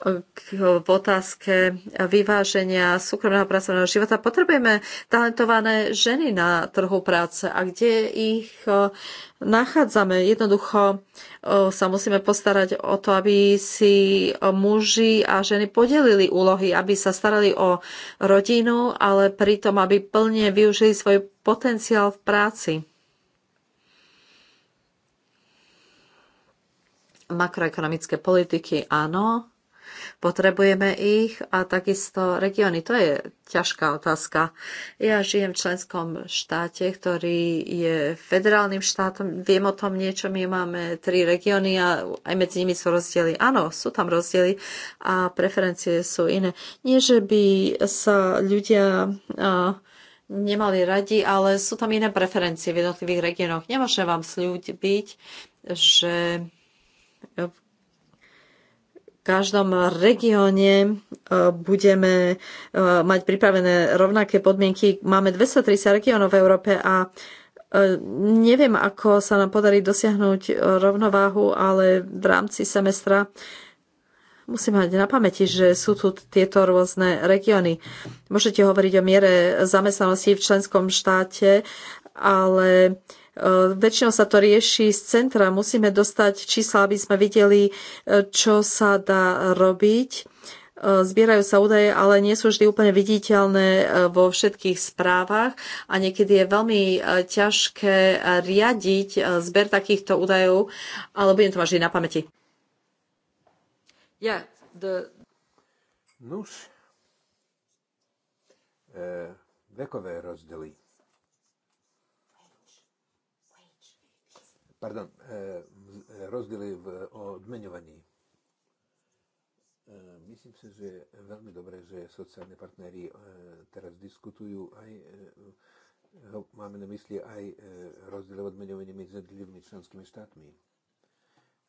Speaker 3: v otázke vyváženia súkromného pracovného života. Potrebujeme talentované ženy na trhu práce a kde ich e, nachádzame. Jednoducho e, sa musíme postarať o to, aby si muži a ženy podelili úlohy, aby sa starali o rodinu, ale pritom, aby plne využili svoj potenciál v práci. Makroekonomické politiky áno, Potrebujeme ich a takisto regióny. To je ťažká otázka. Ja žijem v členskom štáte, ktorý je federálnym štátom. Viem o tom niečo. My máme tri regióny a aj medzi nimi sú rozdiely. Áno, sú tam rozdiely a preferencie sú iné. Nie, že by sa ľudia nemali radi, ale sú tam iné preferencie v jednotlivých regiónoch. Nemôžem vám slúbiť, že každom regióne e, budeme e, mať pripravené rovnaké podmienky. Máme 230 regiónov v Európe a e, neviem, ako sa nám podarí dosiahnuť rovnováhu, ale v rámci semestra musíme mať na pamäti, že sú tu tieto rôzne regióny. Môžete hovoriť o miere zamestnanosti v členskom štáte, ale uh, E, väčšinou sa to rieši z centra. Musíme dostať čísla, aby sme videli, e, čo sa dá robiť. E, zbierajú sa údaje, ale nie sú vždy úplne viditeľné vo všetkých správach a niekedy je veľmi ťažké riadiť zber takýchto údajov, ale budem to mať vždy na pamäti.
Speaker 2: Yeah, the... Nuž, e, vekové rozdiely pardon, eh, eh, rozdiely v odmeňovaní. Eh, myslím si, že je veľmi dobré, že sociálne partnery teraz diskutujú aj máme na mysli aj rozdiel v odmeňovaní medzi jednotlivými členskými štátmi.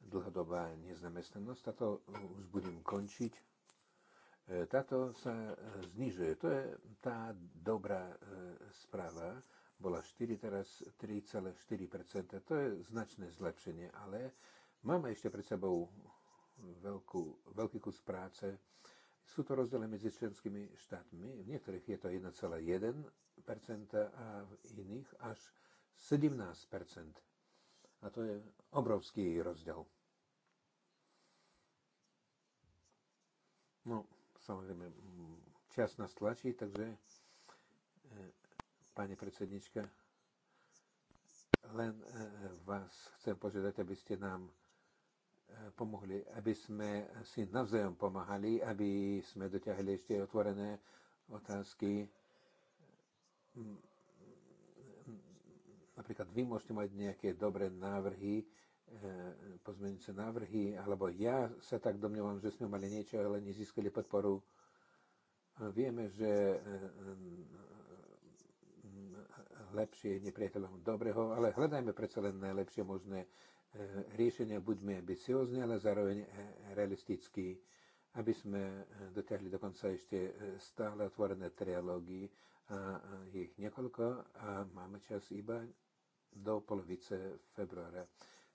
Speaker 2: Dlhodobá nezamestnanosť, táto už budem končiť. Táto sa znižuje. To je tá dobrá správa, bola 4, teraz 3,4%. To je značné zlepšenie, ale máme ešte pred sebou veľkú, veľký kus práce. Sú to rozdiely medzi členskými štátmi. V niektorých je to 1,1% a v iných až 17%. A to je obrovský rozdiel. No, samozrejme, čas nás tlačí, takže pani predsednička. Len e, vás chcem požiadať, aby ste nám e, pomohli, aby sme si navzájom pomáhali, aby sme dotiahli ešte otvorené otázky. Napríklad vy môžete mať nejaké dobré návrhy, e, pozmeňujúce návrhy, alebo ja sa tak domnievam, že sme mali niečo, ale nezískali podporu. Vieme, že lepšie nepriateľom dobreho, ale hľadajme predsa len najlepšie možné e, riešenia, buďme ambiciozni, ale zároveň e, realistickí, aby sme e, dotiahli dokonca ešte stále otvorené trialógy a ich niekoľko a máme čas iba do polovice februára.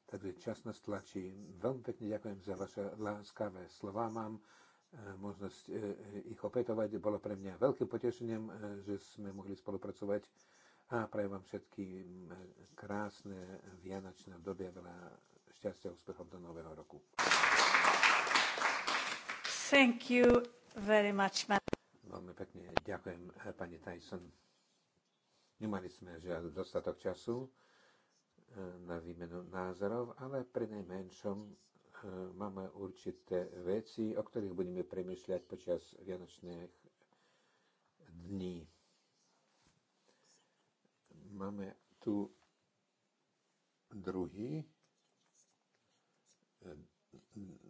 Speaker 2: Takže čas nás tlačí. Veľmi pekne ďakujem za vaše láskavé slova. Mám možnosť ich opätovať. Bolo pre mňa veľkým potešením, že sme mohli spolupracovať a prajem vám všetky mm, krásne vianočné obdobie, veľa šťastia a úspechov do nového roku. Thank you very much, man. Veľmi pekne ďakujem, eh, pani Tyson. Nemali sme žiaľ dostatok času eh, na výmenu názorov, ale pri najmenšom eh, máme určité veci, o ktorých budeme premyšľať počas vianočných dní. Máme tu druhý, eh,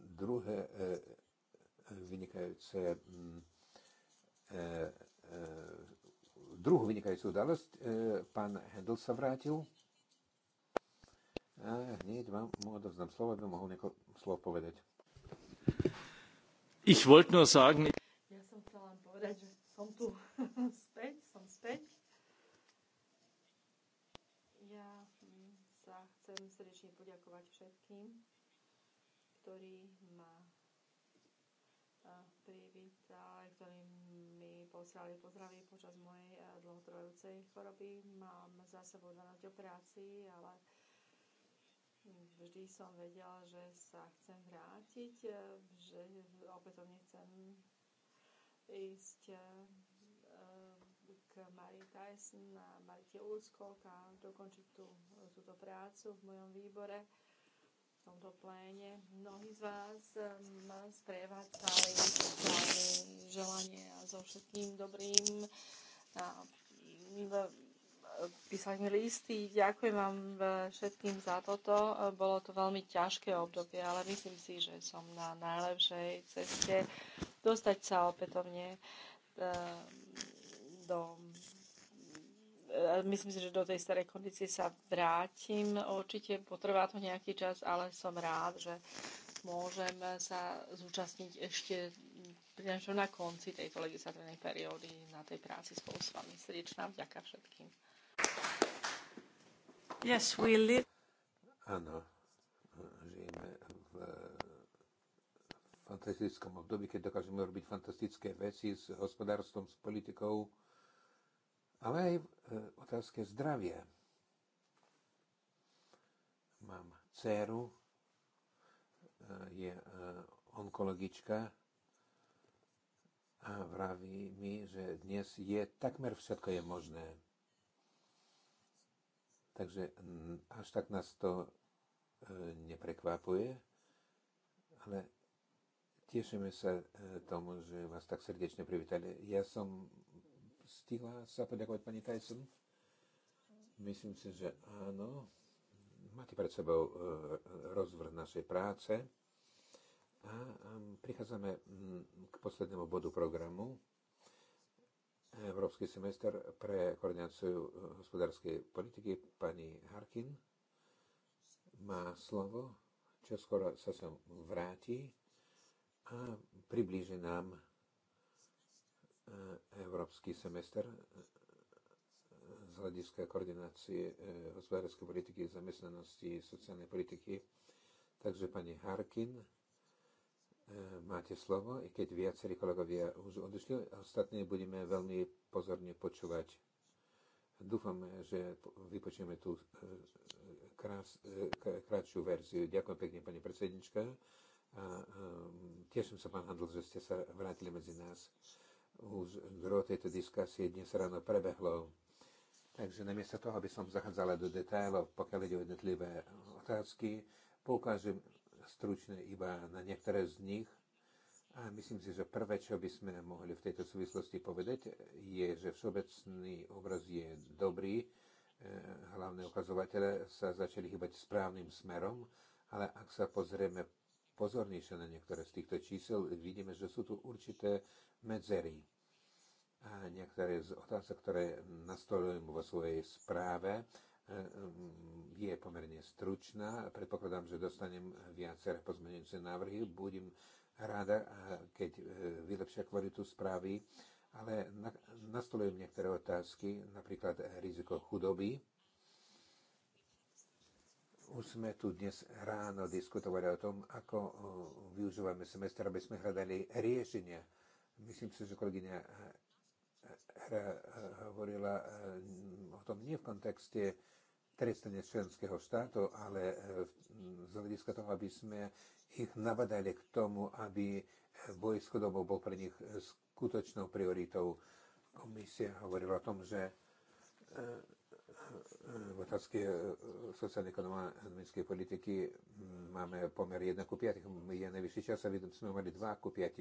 Speaker 2: druhé eh, eh, vynikajúce mm, druhú vynikajúcu udalosť. Pán Hendel sa vrátil. A hneď vám mu odovzdám slovo, aby mohol nieko slovo povedať. Ich wollte nur sagen...
Speaker 1: Ja som chcela vám povedať, že som tu späť, som späť. chcem srdečne poďakovať všetkým, ktorí ma privítali, ktorí mi posielali pozdravy počas mojej dlhotrvajúcej choroby. Mám za sebou 12 operácií, ale vždy som vedela, že sa chcem vrátiť, že opätovne chcem ísť Mary Tyson a Marite Ulskok a dokončiť tú, túto prácu v mojom výbore, v tomto pléne. Mnohí z vás um, ma sprevádzali želanie a so všetkým dobrým a písali mi listy. Ďakujem vám všetkým za toto. Bolo to veľmi ťažké obdobie, ale myslím si, že som na najlepšej ceste dostať sa opätovne um, do myslím si, že do tej starej kondície sa vrátim. Určite potrvá to nejaký čas, ale som rád, že môžem sa zúčastniť ešte na konci tejto legislatívnej periódy na tej práci spolu s vami. Srdečná vďaka všetkým.
Speaker 2: Yes, we live. Áno, žijeme v fantastickom období, keď dokážeme robiť fantastické veci s hospodárstvom, s politikou ale aj e, otázke zdravia. Mám dceru, e, je e, onkologička a vraví mi, že dnes je takmer všetko je možné. Takže až tak nás to neprekvapuje, ale tešíme sa tomu, že vás tak srdečne privítali. Ja som stihla sa poďakovať pani Tyson? Myslím si, že áno. Máte pred sebou e, rozvrh našej práce. A prichádzame mm, k poslednému bodu programu. Európsky semester pre koordináciu e, hospodárskej politiky. Pani Harkin má slovo, čo skoro sa sem vráti a priblíži nám E, európsky semester e, z hľadiska koordinácie e, hospodárskej politiky, zamestnanosti, sociálnej politiky. Takže pani Harkin, máte slovo, i keď viacerí kolegovia už odišli, ostatní budeme veľmi pozorne počúvať. Dúfam, že vypočujeme tú krás, krátšiu verziu. Ďakujem pekne, pani predsednička. A, a, teším sa, pán Handl, že ste sa vrátili medzi nás. Už gro tejto diskusie dnes ráno prebehlo. Takže namiesto toho, aby som zachádzala do detailov, pokiaľ ide o jednotlivé otázky, poukážem stručne iba na niektoré z nich. A myslím si, že prvé, čo by sme mohli v tejto súvislosti povedať, je, že všeobecný obraz je dobrý. E, hlavné ukazovatele sa začali hýbať správnym smerom, ale ak sa pozrieme pozornejšie na niektoré z týchto čísel, vidíme, že sú tu určité medzery. A niektoré z otázok, ktoré nastolujem vo svojej správe, eh, je pomerne stručná. Predpokladám, že dostanem viaceré pozmenujúce návrhy. Budem rada, eh, keď eh, vylepšia kvalitu správy, ale nastolujem niektoré otázky, napríklad riziko chudoby už sme tu dnes ráno diskutovali o tom, ako využívame semestr, aby sme hľadali riešenia. Myslím si, že kolegyňa eh, eh, eh, hovorila o tom nie v kontexte trestania členského štátu, ale z hľadiska toho, aby sme ich nabadali k tomu, aby boj s chudobou bol pre nich skutočnou prioritou. Komisia hovorila o tom, že v otázke e, sociálno-ekonomickej politiky máme pomer 1 ku 5, je najvyšší čas aby sme mali 2 ku 5,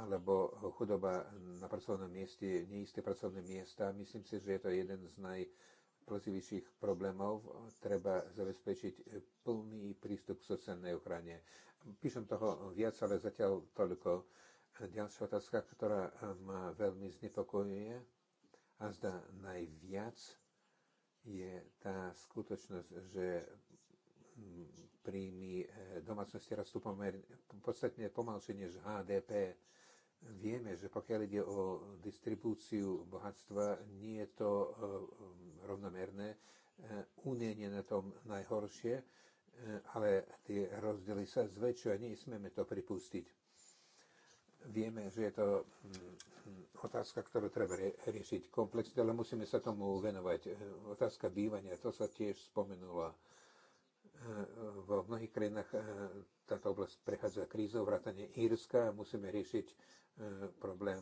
Speaker 2: alebo chudoba na pracovnom mieste, neisté pracovné miesta. Myslím si, že je to jeden z najplazivejších problémov. Treba zabezpečiť plný prístup k sociálnej ochrane. Píšem toho viac, ale zatiaľ toľko. Ďalšia otázka, ktorá ma veľmi znepokojuje a zdá najviac je tá skutočnosť, že mm, príjmy e, domácnosti rastú pomer, podstatne pomalšie než HDP. Vieme, že pokiaľ ide o distribúciu bohatstva, nie je to e, rovnomerné. E, Únie je na tom najhoršie, ale tie rozdiely sa zväčšujú a nesmieme to pripustiť. Vieme, že je to mm, otázka, ktorú treba riešiť komplexne, ale musíme sa tomu venovať. E, otázka bývania, to sa tiež spomenulo. E, vo mnohých krajinách e, táto oblasť prechádza krízou, vrátane Írska, musíme riešiť problém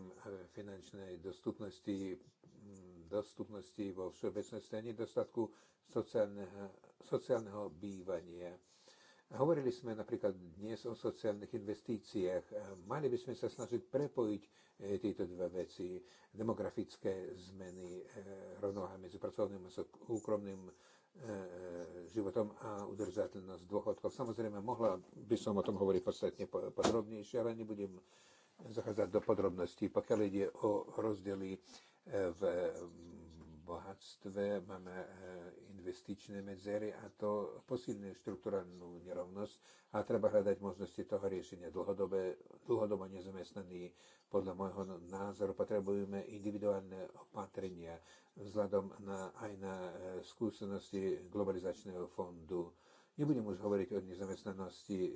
Speaker 2: finančnej dostupnosti, mm, dostupnosti vo všeobecnosti a nedostatku sociálneho, sociálneho bývania Hovorili sme napríklad dnes o sociálnych investíciách. E, mali by sme sa snažiť prepojiť e, tieto dve veci, demografické zmeny, e, rovnováha medzi pracovným a súkromným životom a udržateľnosť dôchodkov. Samozrejme, mohla by som o tom hovoriť podstatne podrobnejšie, ale nebudem zachádzať do podrobností. Pokiaľ ide o rozdiely v bohatstve, máme eh, investičné medzery a to posilňuje štruktúrnu nerovnosť a treba hľadať možnosti toho riešenia. Dlhodobé, dlhodobo nezamestnaní podľa môjho názoru potrebujeme individuálne opatrenia vzhľadom na, aj na eh, skúsenosti globalizačného fondu. Nebudem už hovoriť o nezamestnanosti eh,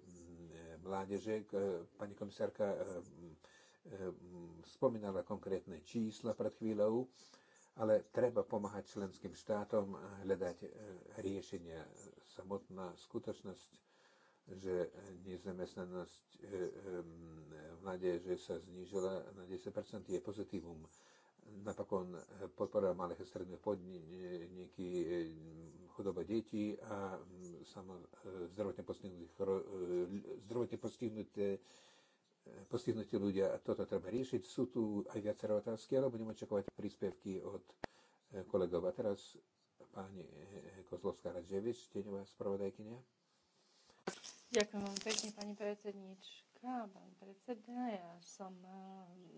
Speaker 2: mm, mládeže. Pani komisárka mm, mm, spomínala konkrétne čísla pred chvíľou ale treba pomáhať členským štátom eh, hľadať eh, riešenia. Samotná skutočnosť, že eh, nezamestnanosť v že sa znížila na 10%, je pozitívum. Napokon podpora malých a stredných podniky, chudoba detí a mm, samo zdravotne postihnutých, zdravotne postihnuté postihnutí ľudia. a Toto treba riešiť. Sú tu aj viaceré otázky, ale budem očakovať príspevky od eh, kolegov. A teraz pani eh, Kozlovská Radževič, teňová spravodajkynia.
Speaker 1: Ďakujem vám pekne, pani predsednička, pán predseda. Ja som, eh,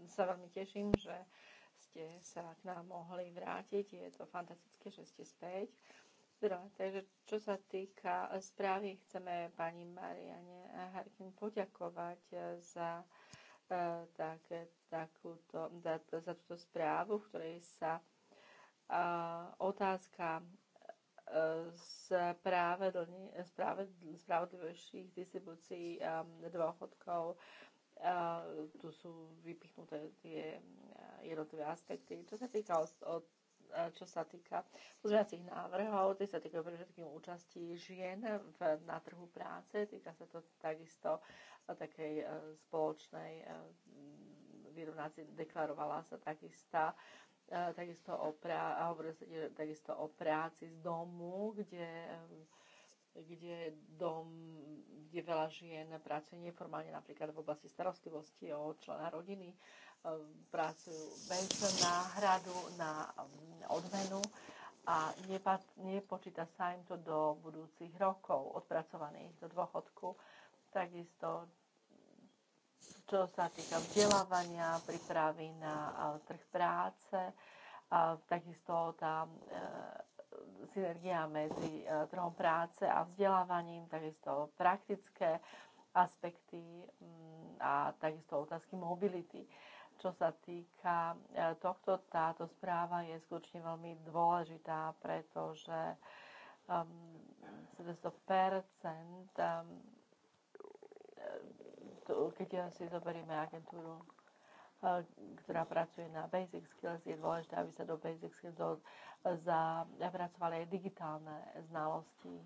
Speaker 1: sa veľmi teším, že ste sa k nám mohli vrátiť. Je to fantastické, že ste späť. Dobre, teda, Takže čo sa týka správy, chceme pani Mariane Harkin poďakovať eh, za, eh, tak, takúto, za, za túto správu, v ktorej sa a, eh, otázka spravedlne, spravodlivejších distribúcií dôchodkov. tu sú vypichnuté tie jednotlivé aspekty. Čo sa týka od, od E, čo sa týka pozmeňacích návrhov, tie sa týkajú všetkým účastí žien v, na trhu práce, týka sa to takisto e, takej e, spoločnej vyrovnácii, deklarovala sa takisto takisto o, prá- hovorilo sa takisto o práci z domu, kde kde, dom, kde veľa žien pracuje neformálne, napríklad v oblasti starostlivosti o člena rodiny pracujú bez náhradu na odmenu a nepočíta sa im to do budúcich rokov odpracovaných do dôchodku. Takisto, čo sa týka vzdelávania, prípravy na trh práce, takisto tá e, synergia medzi e, trhom práce a vzdelávaním, takisto praktické aspekty mm, a takisto otázky mobility. Čo sa týka e, tohto, táto správa je skutočne veľmi dôležitá, pretože um, to, um, e, keď si zoberieme agentúru, e, ktorá pracuje na basic skills, je dôležité, aby sa do basic skills zapracovali aj digitálne znalosti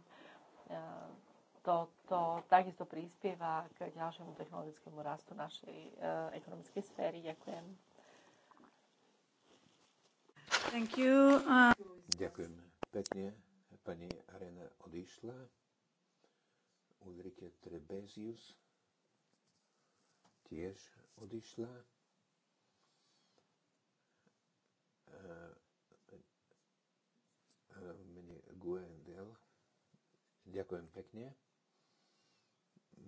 Speaker 1: to to takisto prispieva k ďalšiemu technologickému rastu našej e, ekonomickej sféry. Ďakujem.
Speaker 2: Thank you. Uh... Ďakujem pekne. Pani Arena odišla. Ulrike Trebezius tiež odišla. E, e, Mne Guendel. Ďakujem pekne.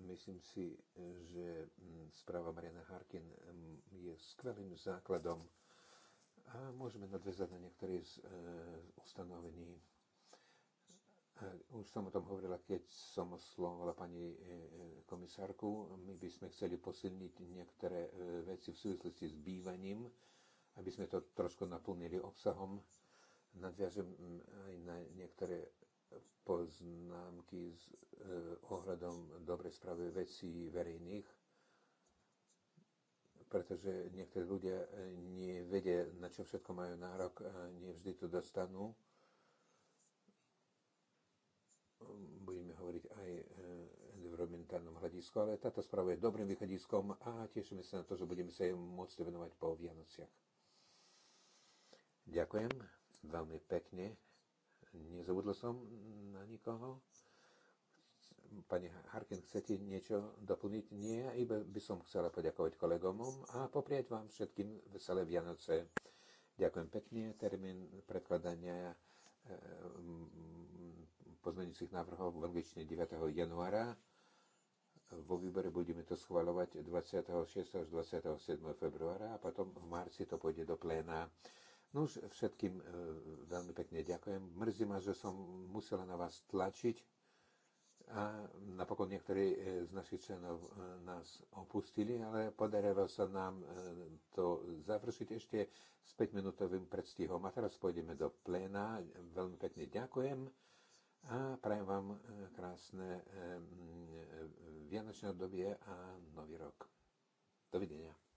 Speaker 2: Myslím si, že mm, správa Mariana Harkin mm, je skvelým základom a môžeme nadväzať na niektoré z e, ustanovení. E, už som o tom hovorila, keď som oslovovala pani e, komisárku. My by sme chceli posilniť niektoré veci v súvislosti s bývaním, aby sme to trošku naplnili obsahom. Nadviažem mm, aj na niektoré poznámky s e, ohľadom dobrej správy vecí verejných, pretože niektorí ľudia e, nevedia, na čo všetko majú nárok a nevždy to dostanú. Budeme hovoriť aj e, environmentálnom hľadisku, ale táto správa je dobrým východiskom a tešíme sa na to, že budeme sa jej môcť venovať po Vianociach. Ďakujem veľmi pekne Nezabudla som na nikoho? Pani Harkin, chcete niečo doplniť? Nie, iba by som chcela poďakovať kolegom a popriať vám všetkým veselé Vianoce. Ďakujem pekne. Termín predkladania e, pozmeňujúcich návrhov v angličtine 9. januára. Vo výbore budeme to schvalovať 26. až 27. februára a potom v marci to pôjde do pléna. No už všetkým e, veľmi pekne ďakujem. Mrzí ma, že som musela na vás tlačiť a napokon niektorí e, z našich členov e, nás opustili, ale podarilo sa nám to završiť ešte s 5-minútovým predstihom. A teraz pôjdeme do pléna. Veľmi pekne ďakujem a prajem vám krásne vianočné obdobie a nový rok. Dovidenia.